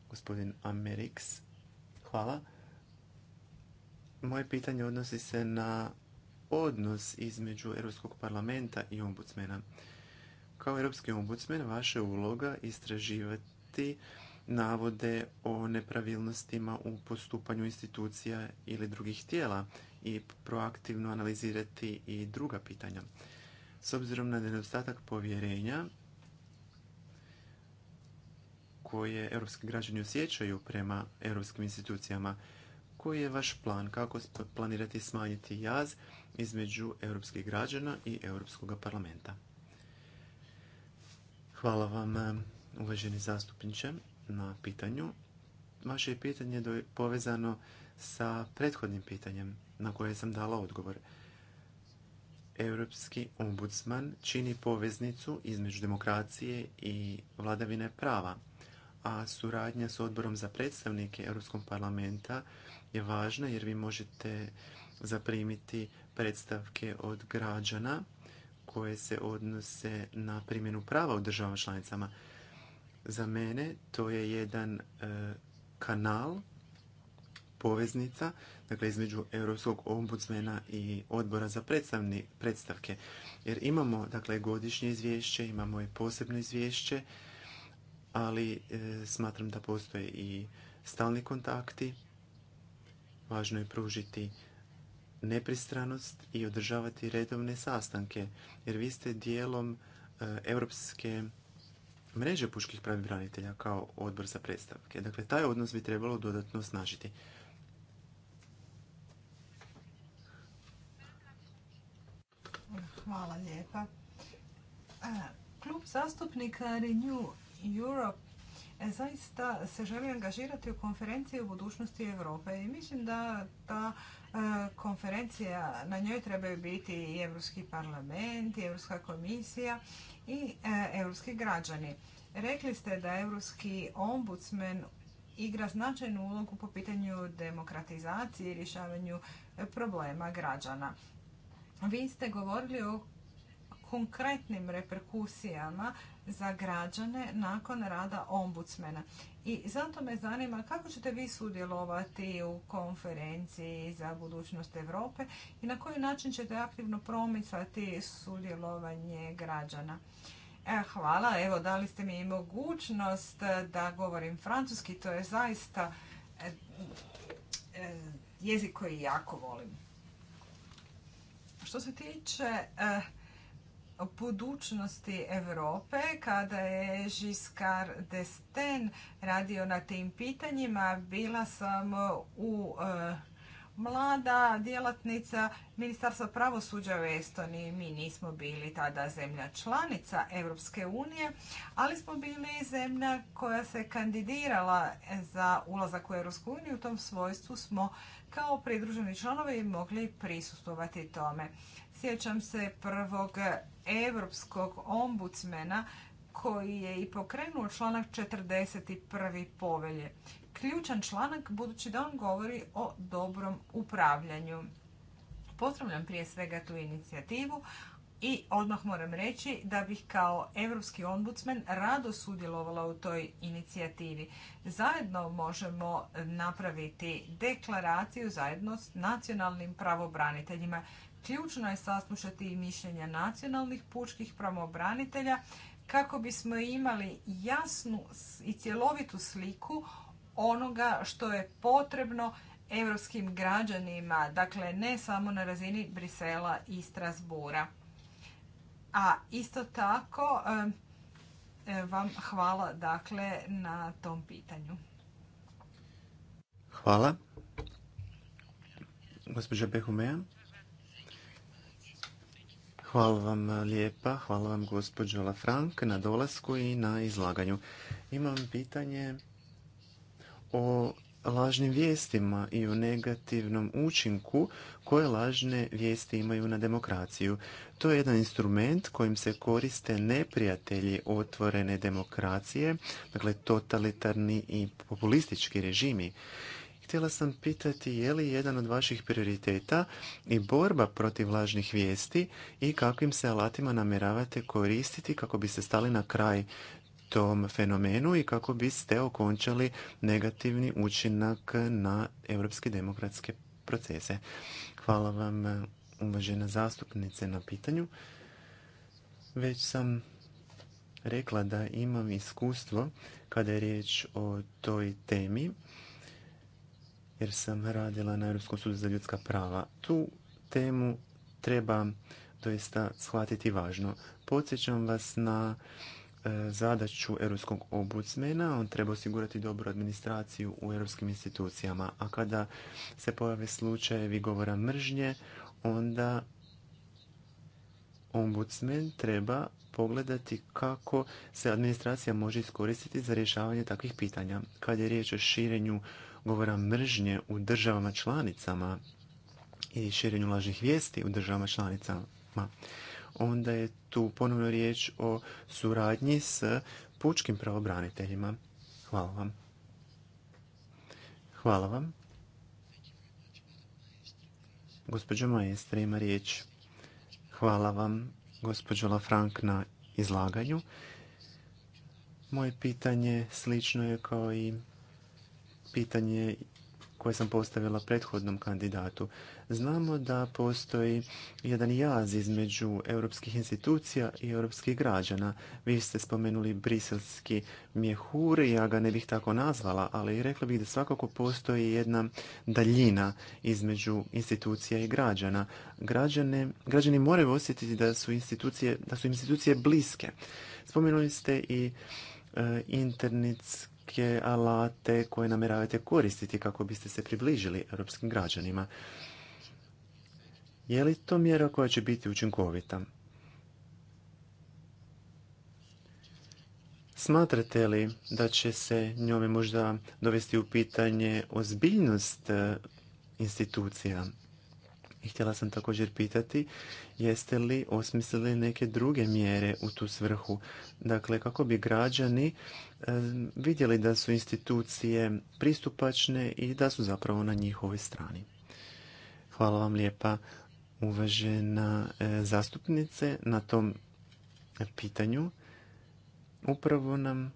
C: Gospodin Ameriks, hvala. Moje pitanje odnosi se na odnos između Europskog parlamenta i ombudsmena. Kao europski ombudsman vaša je uloga istraživati navode o nepravilnostima u postupanju institucija ili drugih tijela i proaktivno analizirati i druga pitanja. S obzirom na nedostatak povjerenja koje europski građani osjećaju prema europskim institucijama, koji je vaš plan? Kako planirati smanjiti jaz između europskih građana i Europskog parlamenta? Hvala vam, eh, uvaženi zastupniče, na pitanju. Vaše pitanje je povezano sa prethodnim pitanjem na koje sam dala odgovor. Europski ombudsman čini poveznicu između demokracije i vladavine prava, a suradnja s odborom za predstavnike Europskog parlamenta je važna jer vi možete zaprimiti predstavke od građana koje se odnose na primjenu prava u državama članicama. Za mene to je jedan e, kanal, poveznica, dakle između Europskog ombudsmena i odbora za predstavke. Jer imamo, dakle, godišnje izvješće, imamo i posebno izvješće, ali e, smatram da postoje i stalni kontakti. Važno je pružiti nepristranost i održavati redovne sastanke, jer vi ste dijelom e, europske mreže puških pravobranitelja kao odbor za predstavke. Dakle, taj odnos bi trebalo dodatno snažiti.
A: Hvala lijepa.
B: E, Klub zastupnika Renew Europe e, zaista se želi angažirati u konferenciji o budućnosti Europe i mislim da ta konferencija, na njoj trebaju biti i Europski parlament, i Europska komisija i e, europski građani. Rekli ste da Europski ombudsman igra značajnu ulogu po pitanju demokratizacije i rješavanju problema građana. Vi ste govorili o konkretnim reperkusijama za građane nakon rada ombudsmena. I zato me zanima kako ćete vi sudjelovati u konferenciji za budućnost Europe i na koji način ćete aktivno promicati sudjelovanje građana. E, hvala, evo dali ste mi mogućnost da govorim francuski, to je zaista e, e, jezik koji jako volim. Što se tiče e, budućnosti Europe kada je Žiskar Desten radio na tim pitanjima. Bila sam u eh, mlada djelatnica Ministarstva pravosuđa u Estoniji. Mi nismo bili tada zemlja članica Europske unije, ali smo bili zemlja koja se kandidirala za ulazak u Europsku uniju. U tom svojstvu smo kao pridruženi članovi mogli prisustovati tome. Sjećam se prvog evropskog ombudsmena koji je i pokrenuo članak 41. povelje. Ključan članak budući da on govori o dobrom upravljanju. Pozdravljam prije svega tu inicijativu i odmah moram reći da bih kao europski ombudsman rado sudjelovala u toj inicijativi. Zajedno možemo napraviti deklaraciju zajedno s nacionalnim pravobraniteljima ključno je saslušati i mišljenja nacionalnih pučkih pravobranitelja kako bismo imali jasnu i cjelovitu sliku onoga što je potrebno europskim građanima, dakle ne samo na razini Brisela i Strasbura. A isto tako vam hvala dakle na tom pitanju.
C: Hvala. Gospođa Behumea. Hvala vam eh, lijepa, hvala vam gospođo Lafrank na dolasku i na izlaganju. Imam pitanje o lažnim vijestima i o negativnom učinku koje lažne vijesti imaju na demokraciju. To je jedan instrument kojim se koriste neprijatelji otvorene demokracije, dakle totalitarni i populistički režimi htjela sam pitati je li jedan od vaših prioriteta i borba protiv lažnih vijesti i kakvim se alatima namjeravate koristiti kako biste stali na kraj tom fenomenu i kako biste okončali negativni učinak na europske demokratske procese. Hvala vam uvažena zastupnice na pitanju. Već sam rekla da imam iskustvo kada je riječ o toj temi jer sam radila na Europskom sudu za ljudska prava. Tu temu treba doista shvatiti važno. Podsjećam vas na e, zadaću europskog ombudsmena, on treba osigurati dobru administraciju u europskim institucijama, a kada se pojave slučajevi govora mržnje, onda ombudsmen treba pogledati kako se administracija može iskoristiti za rješavanje takvih pitanja. Kad je riječ o širenju govora mržnje u državama članicama i širenju lažnih vijesti u državama članicama, onda je tu ponovno riječ o suradnji s pučkim pravobraniteljima. Hvala vam. Hvala vam. Gospođo Majestra ima riječ. Hvala vam, gospođo Lafrank, na izlaganju. Moje pitanje slično je kao i pitanje koje sam postavila prethodnom kandidatu. Znamo da postoji jedan jaz između europskih institucija i europskih građana. Vi ste spomenuli briselski mjehur, ja ga ne bih tako nazvala, ali rekla bih da svakako postoji jedna daljina između institucija i građana. Građane, građani moraju osjetiti da su institucije, da su institucije bliske. Spomenuli ste i e, internetski je alate koje namjeravate koristiti kako biste se približili europskim građanima. Je li to mjera koja će biti učinkovita? Smatrate li da će se njome možda dovesti u pitanje ozbiljnost eh, institucija i htjela sam također pitati jeste li osmislili neke druge mjere u tu svrhu. Dakle, kako bi građani e, vidjeli da su institucije pristupačne i da su zapravo na njihovoj strani. Hvala vam lijepa uvažena e, zastupnice na tom pitanju. Upravo nam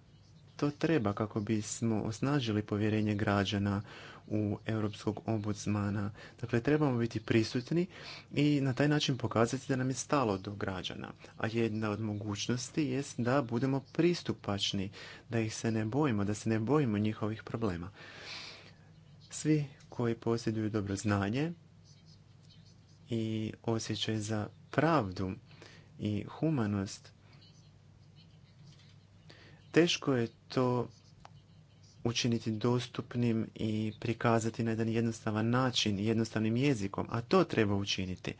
C: to treba kako bismo osnažili povjerenje građana u europskog ombudsmana. Dakle, trebamo biti prisutni i na taj način pokazati da nam je stalo do građana. A jedna od mogućnosti jest da budemo pristupačni, da ih se ne bojimo, da se ne bojimo njihovih problema. Svi koji posjeduju dobro znanje i osjećaj za pravdu i humanost, teško je to učiniti dostupnim i prikazati na jedan jednostavan način, jednostavnim jezikom, a to treba učiniti.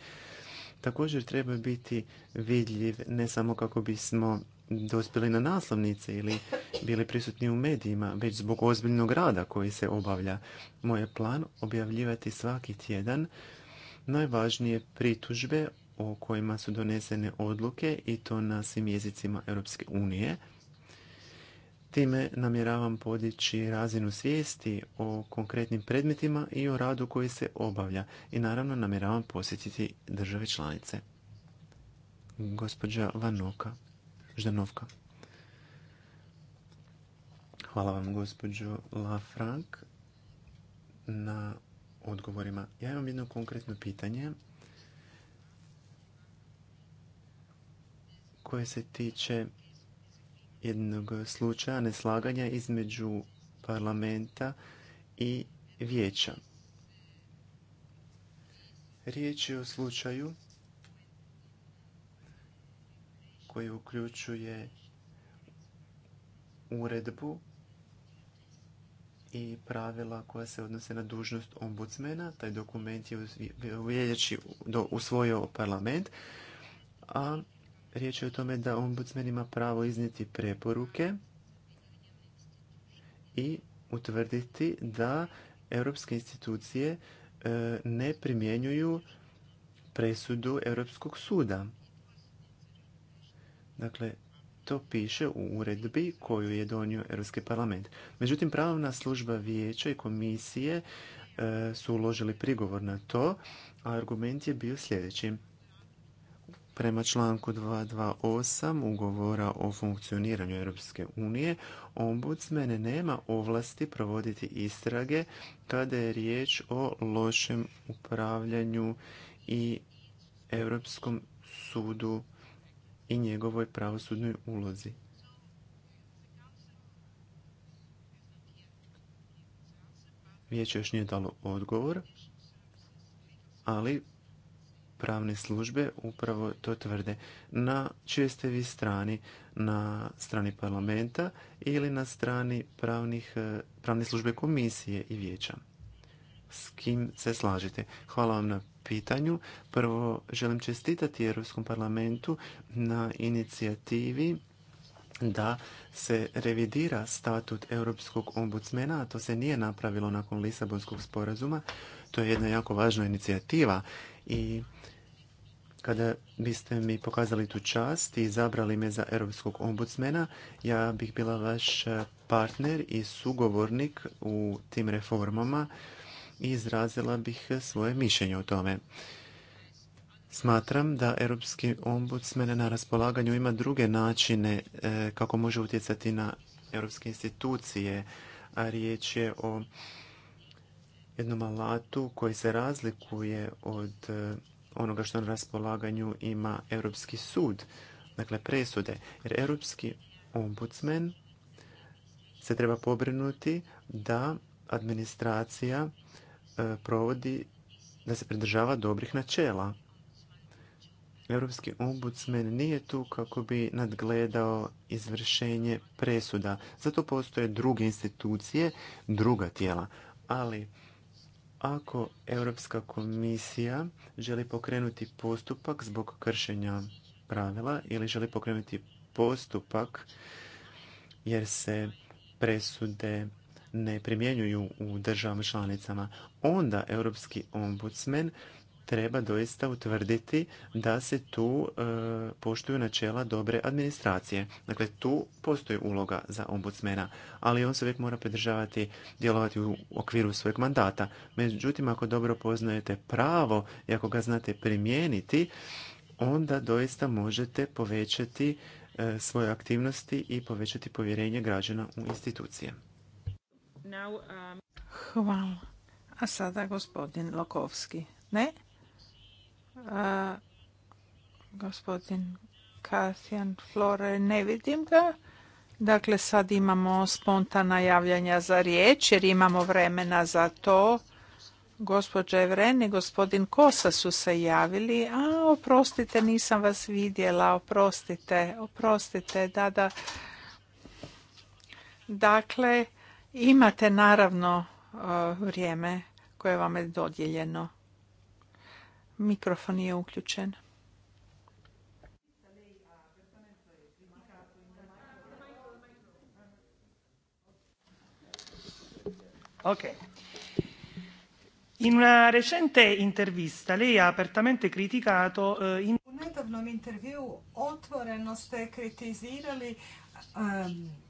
C: Također treba biti vidljiv ne samo kako bismo dospjeli na naslovnice ili bili prisutni u medijima, već zbog ozbiljnog rada koji se obavlja. Moj je plan objavljivati svaki tjedan najvažnije pritužbe o kojima su donesene odluke i to na svim jezicima Europske unije – Time namjeravam podići razinu svijesti o konkretnim predmetima i o radu koji se obavlja i naravno namjeravam posjetiti države članice. Gospođa Vanoka, Ždanovka. Hvala vam gospođo Lafranc na odgovorima. Ja imam jedno konkretno pitanje koje se tiče jednog slučaja neslaganja između parlamenta i vijeća. Riječ je o slučaju koji uključuje uredbu i pravila koja se odnose na dužnost ombudsmena. Taj dokument je u usvojio parlament, a Riječ je o tome da ombudsman ima pravo iznijeti preporuke i utvrditi da europske institucije e, ne primjenjuju presudu Europskog suda. Dakle, to piše u uredbi koju je donio Europski parlament. Međutim, pravna služba vijeća i komisije e, su uložili prigovor na to, a argument je bio sljedeći. Prema članku 228 ugovora o funkcioniranju Europske unije, ombudsman nema ovlasti provoditi istrage kada je riječ o lošem upravljanju i Europskom sudu i njegovoj pravosudnoj ulozi. Vijeće još nije dalo odgovor, ali pravne službe upravo to tvrde. Na čijoj ste vi strani? Na strani parlamenta ili na strani pravnih, e, pravne službe komisije i vijeća? S kim se slažete? Hvala vam na pitanju. Prvo želim čestitati Europskom parlamentu na inicijativi da se revidira statut Europskog ombudsmena, a to se nije napravilo nakon Lisabonskog sporazuma. To je jedna jako važna inicijativa i kada biste mi pokazali tu čast i izabrali me za europskog ombudsmena, ja bih bila vaš partner i sugovornik u tim reformama i izrazila bih svoje mišljenje o tome. Smatram da europski ombudsmen na raspolaganju ima druge načine e, kako može utjecati na europske institucije, a riječ je o jednom alatu koji se razlikuje od e, onoga što na raspolaganju ima Europski sud, dakle presude. Jer Europski ombudsman se treba pobrinuti da administracija e, provodi, da se pridržava dobrih načela. Europski ombudsman nije tu kako bi nadgledao izvršenje presuda. Zato postoje druge institucije, druga tijela. Ali ako Europska komisija želi pokrenuti postupak zbog kršenja pravila ili želi pokrenuti postupak jer se presude ne primjenjuju u državama članicama, onda Europski ombudsman treba doista utvrditi da se tu e, poštuju načela dobre administracije. Dakle, tu postoji uloga za ombudsmena, ali on se uvijek mora pridržavati, djelovati u okviru svojeg mandata. Međutim, ako dobro poznajete pravo i ako ga znate primijeniti, onda doista možete povećati e, svoje aktivnosti i povećati povjerenje građana u institucije.
A: Um, Hvala. A sada gospodin Lokovski. Ne? gospodin Katjan Flore, ne vidim ga. Dakle, sad imamo spontana javljanja za riječ jer imamo vremena za to. Gospođa Evren i gospodin Kosa su se javili. A, oprostite, nisam vas vidjela. Oprostite, oprostite, da, da. Dakle, imate naravno vrijeme koje vam je dodijeljeno. Mikrofon je uključen. Ok. In una recente intervista lei ha apertamente criticato... Eh, in...
B: U nedavnom intervju otvoreno ste kritizirali
A: ehm,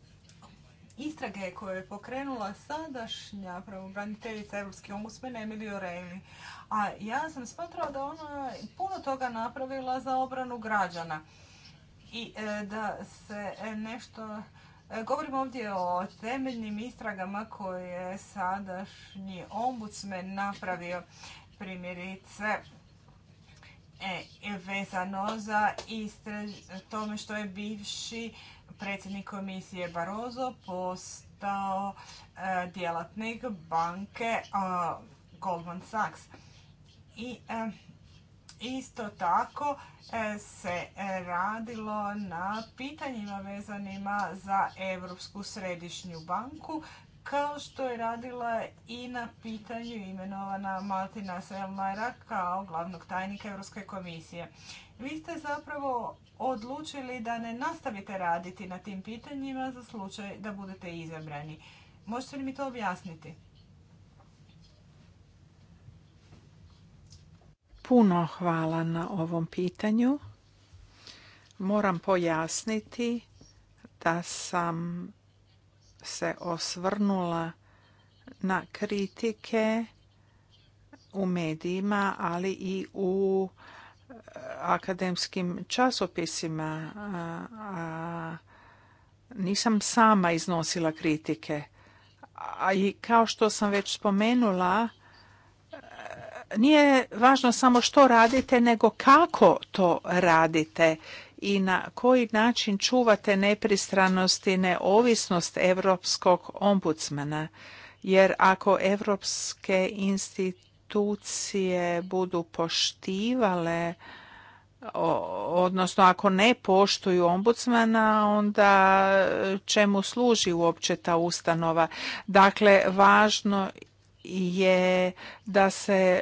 B: istrage koje je pokrenula sadašnja pravobraniteljica europske ombudsmene Emilio A ja sam smatrao da ona puno toga napravila za obranu građana i e, da se e, nešto... E, govorimo ovdje o temeljnim istragama koje je sadašnji ombudsmen napravio primjerice e, vezano za istraž, tome što je bivši predsjednik komisije Barozo postao e, djelatnik banke e, Goldman Sachs. I e, isto tako se radilo na pitanjima vezanima za Europsku središnju banku kao što je radila i na pitanju imenovana Martina Selmajra kao glavnog tajnika Europske komisije. Vi ste zapravo odlučili da ne nastavite raditi na tim pitanjima za slučaj da budete izabrani. Možete li mi to
A: objasniti? Puno hvala na ovom pitanju. Moram pojasniti da sam se osvrnula na kritike u medijima, ali i u akademskim časopisima, a, nisam sama iznosila kritike. A i kao što sam već spomenula, e, nije važno samo što radite, nego kako to radite i na koji način čuvate nepristranost i neovisnost europskog ombudsmana. Jer ako evropske institucije budu poštivale odnosno ako ne poštuju ombudsmana, onda čemu služi uopće ta ustanova. Dakle, važno je da se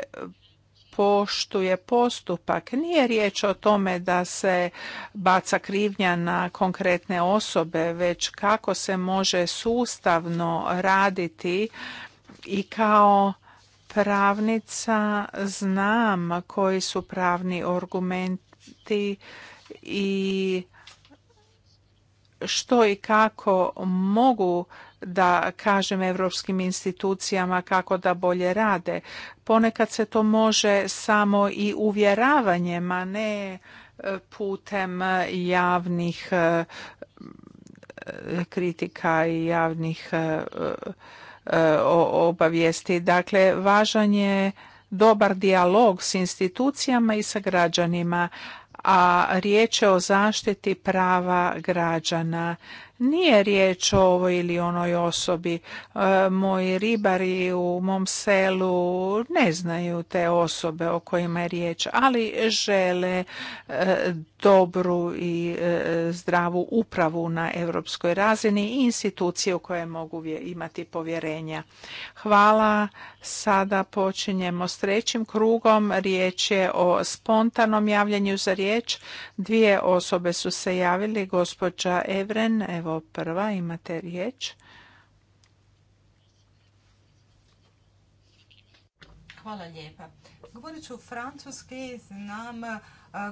A: poštuje postupak. Nije riječ o tome da se baca krivnja na konkretne osobe, već kako se može sustavno raditi i kao pravnica znam koji su pravni argumenti i što i kako mogu da kažem europskim institucijama kako da bolje rade. Ponekad se to može samo i uvjeravanjem, a ne e, putem javnih e, kritika i javnih e, obavijesti. Dakle, važan je dobar dijalog s institucijama i sa građanima, a riječ je o zaštiti prava građana nije riječ o ovoj ili onoj osobi. E, moji ribari u mom selu ne znaju te osobe o kojima je riječ, ali žele e, dobru i e, zdravu upravu na europskoj razini i institucije u koje mogu imati povjerenja. Hvala. Sada počinjemo s trećim krugom. Riječ je o spontanom javljanju za riječ. Dvije osobe su se javili, gospođa Evren, Evo prva, imate riječ.
B: Hvala lijepa. Govorit ću francuski, znam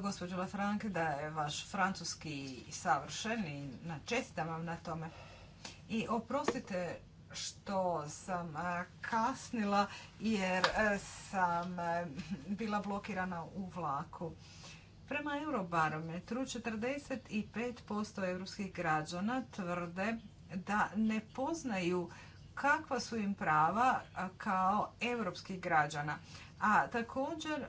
B: gospođo Lafranke da je vaš francuski savršen i čestitam vam na tome. I oprostite što sam kasnila jer sam bila blokirana u vlaku. Prema Eurobarometru 45% europskih građana tvrde da ne poznaju kakva su im prava kao europskih građana, a također e,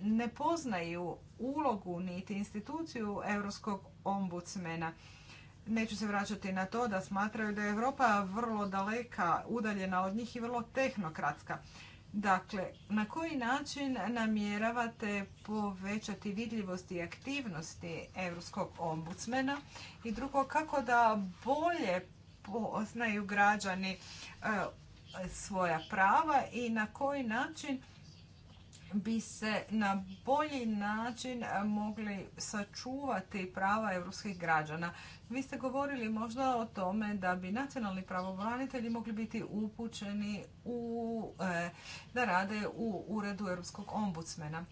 B: ne poznaju ulogu niti instituciju europskog ombudsmena. Neću se vraćati na to da smatraju da je Europa vrlo daleka, udaljena od njih i vrlo tehnokratska. Dakle, na koji način namjeravate povećati vidljivost i aktivnosti Europskog ombudsmena i drugo kako da bolje poznaju građani e, svoja prava i na koji način bi se na bolji način eh, mogli sačuvati prava evropskih građana. Vi ste govorili možda o tome da bi nacionalni pravobranitelji mogli biti upućeni u, eh, da rade u uredu europskog ombudsmena.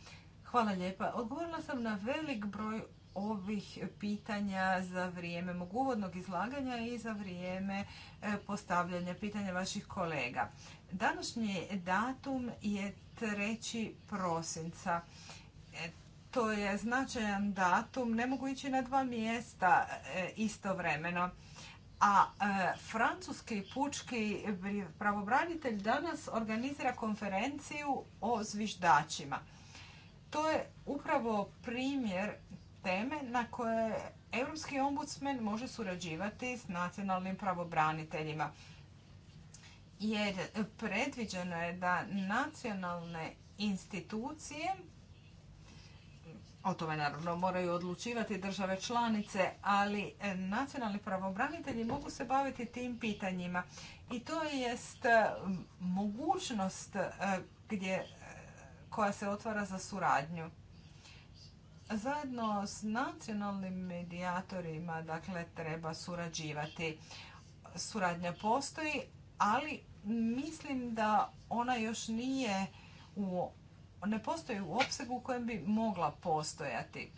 B: Hvala lijepa. Odgovorila sam na velik broj ovih pitanja za vrijeme mog uvodnog izlaganja i za vrijeme eh, postavljanja pitanja vaših kolega. Današnji datum je 3. prosinca. E, to je značajan datum, ne mogu ići na dva mjesta e, istovremeno. A e, francuski pučki pravobranitelj danas organizira konferenciju o zviždačima. To je upravo primjer teme na koje europski ombudsman može surađivati s nacionalnim pravobraniteljima jer predviđeno je da nacionalne institucije o tome naravno moraju odlučivati države članice, ali nacionalni pravobranitelji mogu se baviti tim pitanjima. I to jest e, mogućnost e, gdje, e, koja se otvara za suradnju. Zajedno s nacionalnim medijatorima dakle, treba surađivati. Suradnja postoji, ali mislim da ona još nije u, ne postoji u opsegu u kojem bi mogla postojati.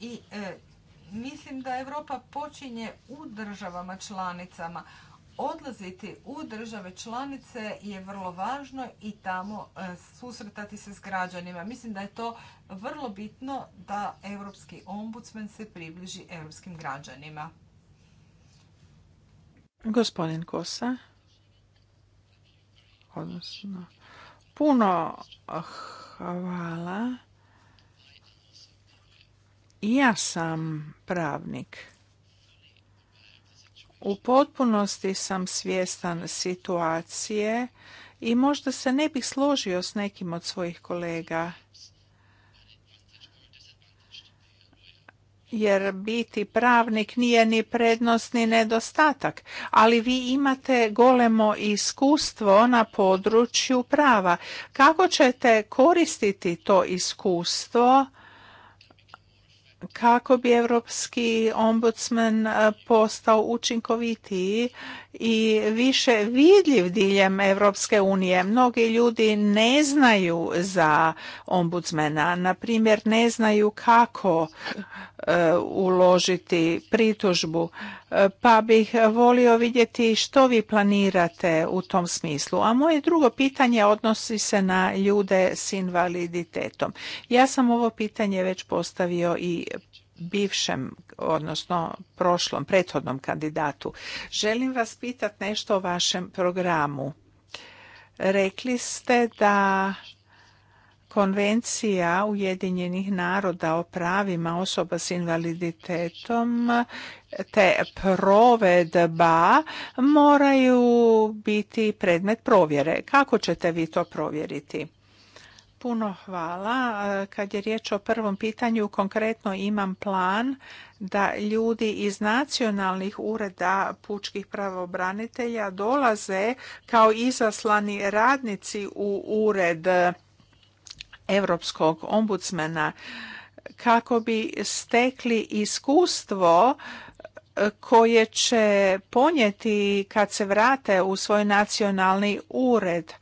B: I e, mislim da Europa počinje u državama članicama. Odlaziti u države članice je vrlo važno i tamo e, susretati se s građanima. Mislim da je to vrlo bitno da europski ombudsman se približi europskim građanima.
A: Gospodin Kosa. Odnosno, puno hvala. Ja sam pravnik. U potpunosti sam svjestan situacije i možda se ne bih složio s nekim od svojih kolega. jer biti pravnik nije ni prednost ni nedostatak, ali vi imate golemo iskustvo na području prava. Kako ćete koristiti to iskustvo kako bi europski ombudsman postao učinkovitiji i više vidljiv diljem Europske unije. Mnogi ljudi ne znaju za ombudsmena, na primjer ne znaju kako e, uložiti pritužbu, e, pa bih volio vidjeti što vi planirate u tom smislu. A moje drugo pitanje odnosi se na ljude s invaliditetom. Ja sam ovo pitanje već postavio i bivšem, odnosno prošlom, prethodnom kandidatu. Želim vas pitati nešto o vašem programu. Rekli ste da Konvencija Ujedinjenih naroda o pravima osoba s invaliditetom te provedba moraju biti predmet provjere. Kako ćete vi to provjeriti? Puno hvala. E, kad je riječ o prvom pitanju, konkretno imam plan da ljudi iz nacionalnih ureda pučkih pravobranitelja dolaze kao izaslani radnici u ured Europskog ombudsmana kako bi stekli iskustvo e, koje će ponijeti kad se vrate u svoj nacionalni ured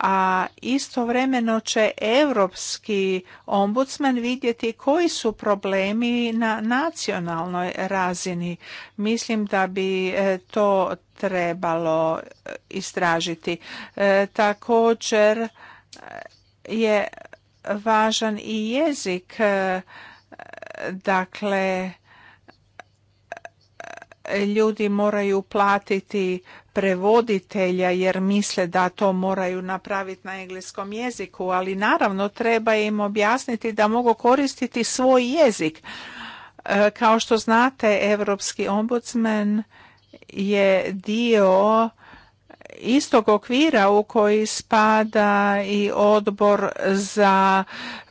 A: a istovremeno će europski ombudsman vidjeti koji su problemi na nacionalnoj razini. Mislim da bi e, to trebalo e, istražiti. E, također je važan i jezik, dakle ljudi moraju platiti prevoditelja jer misle da to moraju napraviti na engleskom jeziku, ali naravno treba im objasniti da mogu koristiti svoj jezik. E, kao što znate, Europski ombudsman je dio istog okvira u koji spada i odbor za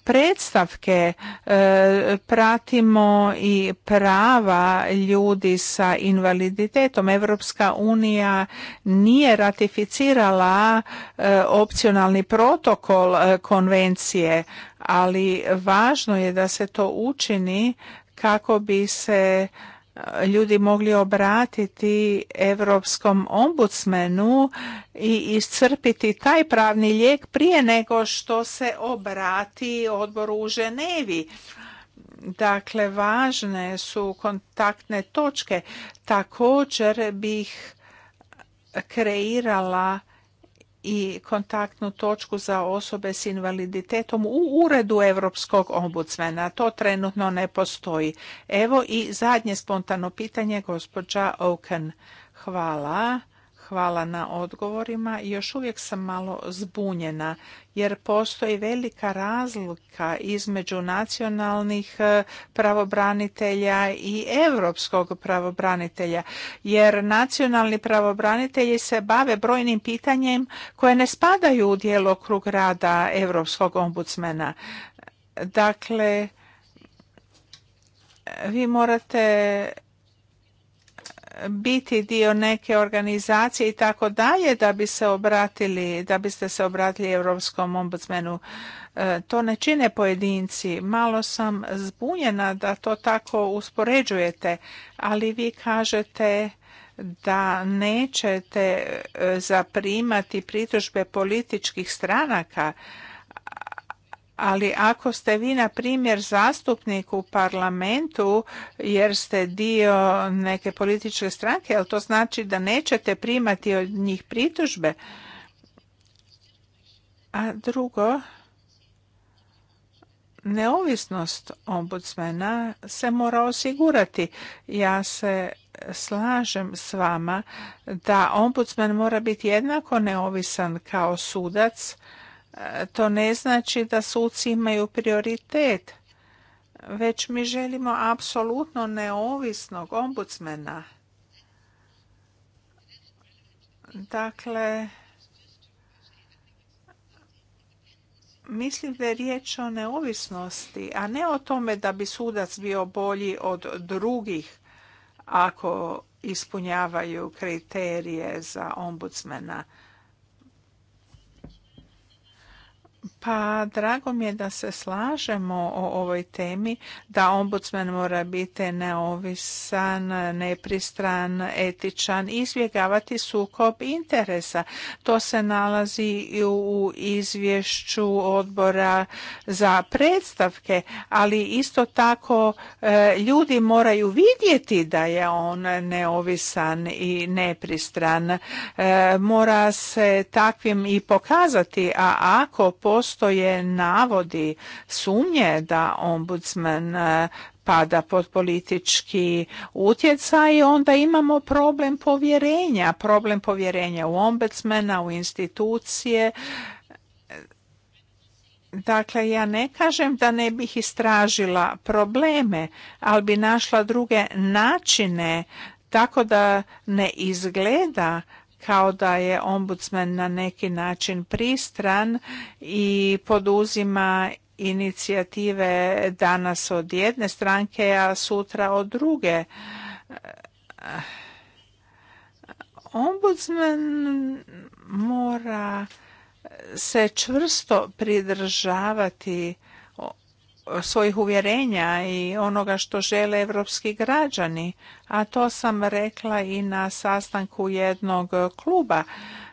A: predstavke e, pratimo i prava ljudi sa invaliditetom. Europska unija nije ratificirala e, opcionalni protokol e, konvencije, ali važno je da se to učini kako bi se ljudi mogli obratiti Europskom ombudsmenu i iscrpiti taj pravni lijek prije nego što se obrati odboru u Ženevi. Dakle, važne su kontaktne točke. Također bih kreirala i kontaktnu točku za osobe s invaliditetom u uredu Europskog ombudsmena. To trenutno ne postoji. Evo i zadnje spontano pitanje, gospođa Oken. Hvala. Hvala na odgovorima. Još uvijek sam malo zbunjena jer postoji velika razlika između nacionalnih e, pravobranitelja i europskog pravobranitelja jer nacionalni pravobranitelji se bave brojnim pitanjem koje ne spadaju u djelokrug rada europskog ombudsmena. Dakle, vi morate biti dio neke organizacije i tako dalje da bi se obratili, da biste se obratili Europskom ombudsmenu. E, to ne čine pojedinci. Malo sam zbunjena da to tako uspoređujete, ali vi kažete da nećete e, zaprimati pritužbe političkih stranaka ali ako ste vi na primjer zastupnik u parlamentu jer ste dio neke političke stranke, ali to znači da nećete primati od njih pritužbe. A drugo, neovisnost ombudsmena se mora osigurati. Ja se slažem s vama da ombudsman mora biti jednako neovisan kao sudac to ne znači da suci imaju prioritet, već mi želimo apsolutno neovisnog ombudsmena. Dakle, mislim da je riječ o neovisnosti, a ne o tome da bi sudac bio bolji od drugih ako ispunjavaju kriterije za ombudsmena. Pa drago mi je da se slažemo o ovoj temi, da ombudsman mora biti neovisan, nepristran, etičan, izbjegavati sukob interesa. To se nalazi i u izvješću odbora za predstavke, ali isto tako e, ljudi moraju vidjeti da je on neovisan i nepristran. E, mora se takvim i pokazati, a ako postoji je navodi sumnje da ombudsman e, pada pod politički utjecaj, onda imamo problem povjerenja, problem povjerenja u ombudsmana, u institucije. Dakle, ja ne kažem da ne bih istražila probleme, ali bi našla druge načine tako da ne izgleda kao da je ombudsman na neki način pristran i poduzima inicijative danas od jedne stranke, a sutra od druge. Ombudsman mora se čvrsto pridržavati svojih uvjerenja i onoga što žele evropski građani, a to sam rekla i na sastanku jednog kluba.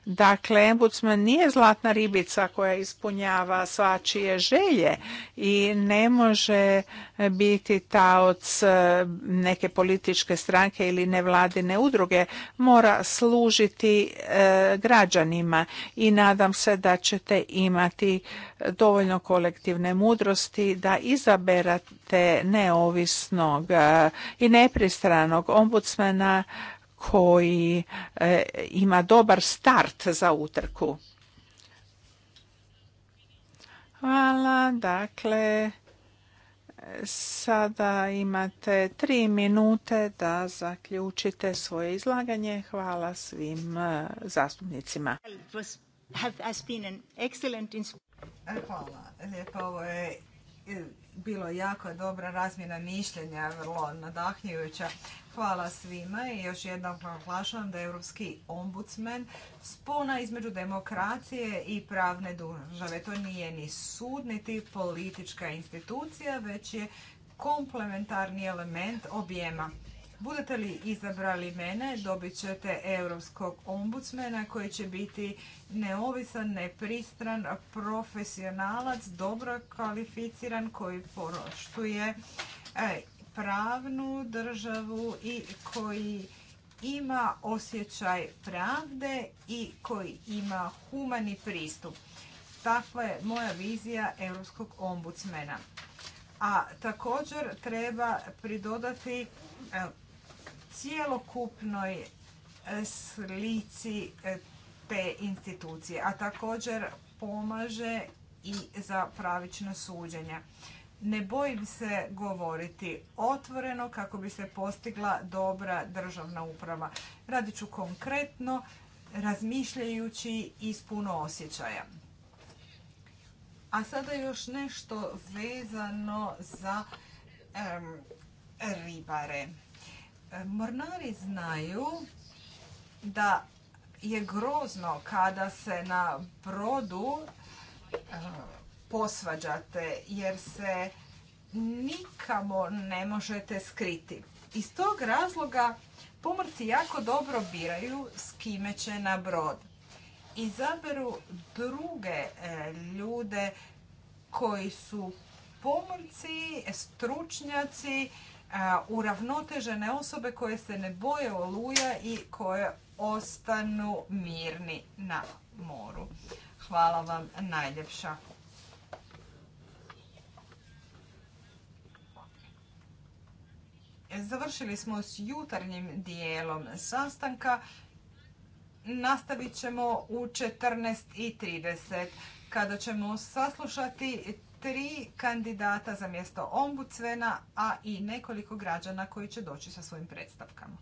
A: Dakle, ombudsman nije zlatna ribica koja ispunjava svačije želje i ne može biti taoc e, neke političke stranke ili nevladine udruge. Mora služiti e, građanima i nadam se da ćete imati dovoljno kolektivne mudrosti da izaberate neovisnog e, i nepristranog ombudsmana koji e, ima dobar start za utrku. Hvala, dakle, sada imate tri minute da zaključite svoje izlaganje. Hvala svim e, zastupnicima.
B: E, hvala lijepo, ovo je bilo jako dobra razmjena mišljenja, vrlo nadahnjujuća. Hvala svima i još jednom naglašavam da je Europski ombudsman spona između demokracije i pravne države. To nije ni sud, niti politička institucija, već je komplementarni element objema. Budete li izabrali mene, dobit ćete europskog ombudsmena koji će biti neovisan, nepristran, profesionalac, dobro kvalificiran koji poroštuje e, pravnu državu i koji ima osjećaj pravde i koji ima humani pristup. Takva je moja vizija europskog ombudsmena. A također treba pridodati e, cijelokupnoj e, slici e, te institucije, a također pomaže i za pravično suđenje. Ne bojim se govoriti otvoreno kako bi se postigla dobra državna uprava. Radit ću konkretno, razmišljajući i s puno osjećaja. A sada još nešto vezano za ribare. Mornari znaju da je grozno kada se na brodu e, posvađate jer se nikamo ne možete skriti. Iz tog razloga pomorci jako dobro biraju s kime će na brod. Izaberu druge e, ljude koji su pomorci, stručnjaci uravnotežene osobe koje se ne boje oluja i koje ostanu mirni na moru. Hvala vam najljepša. Završili smo s jutarnjim dijelom sastanka. Nastavit ćemo u 14.30 kada ćemo saslušati tri kandidata za mjesto ombudsvena, a i nekoliko građana koji će doći sa svojim predstavkama.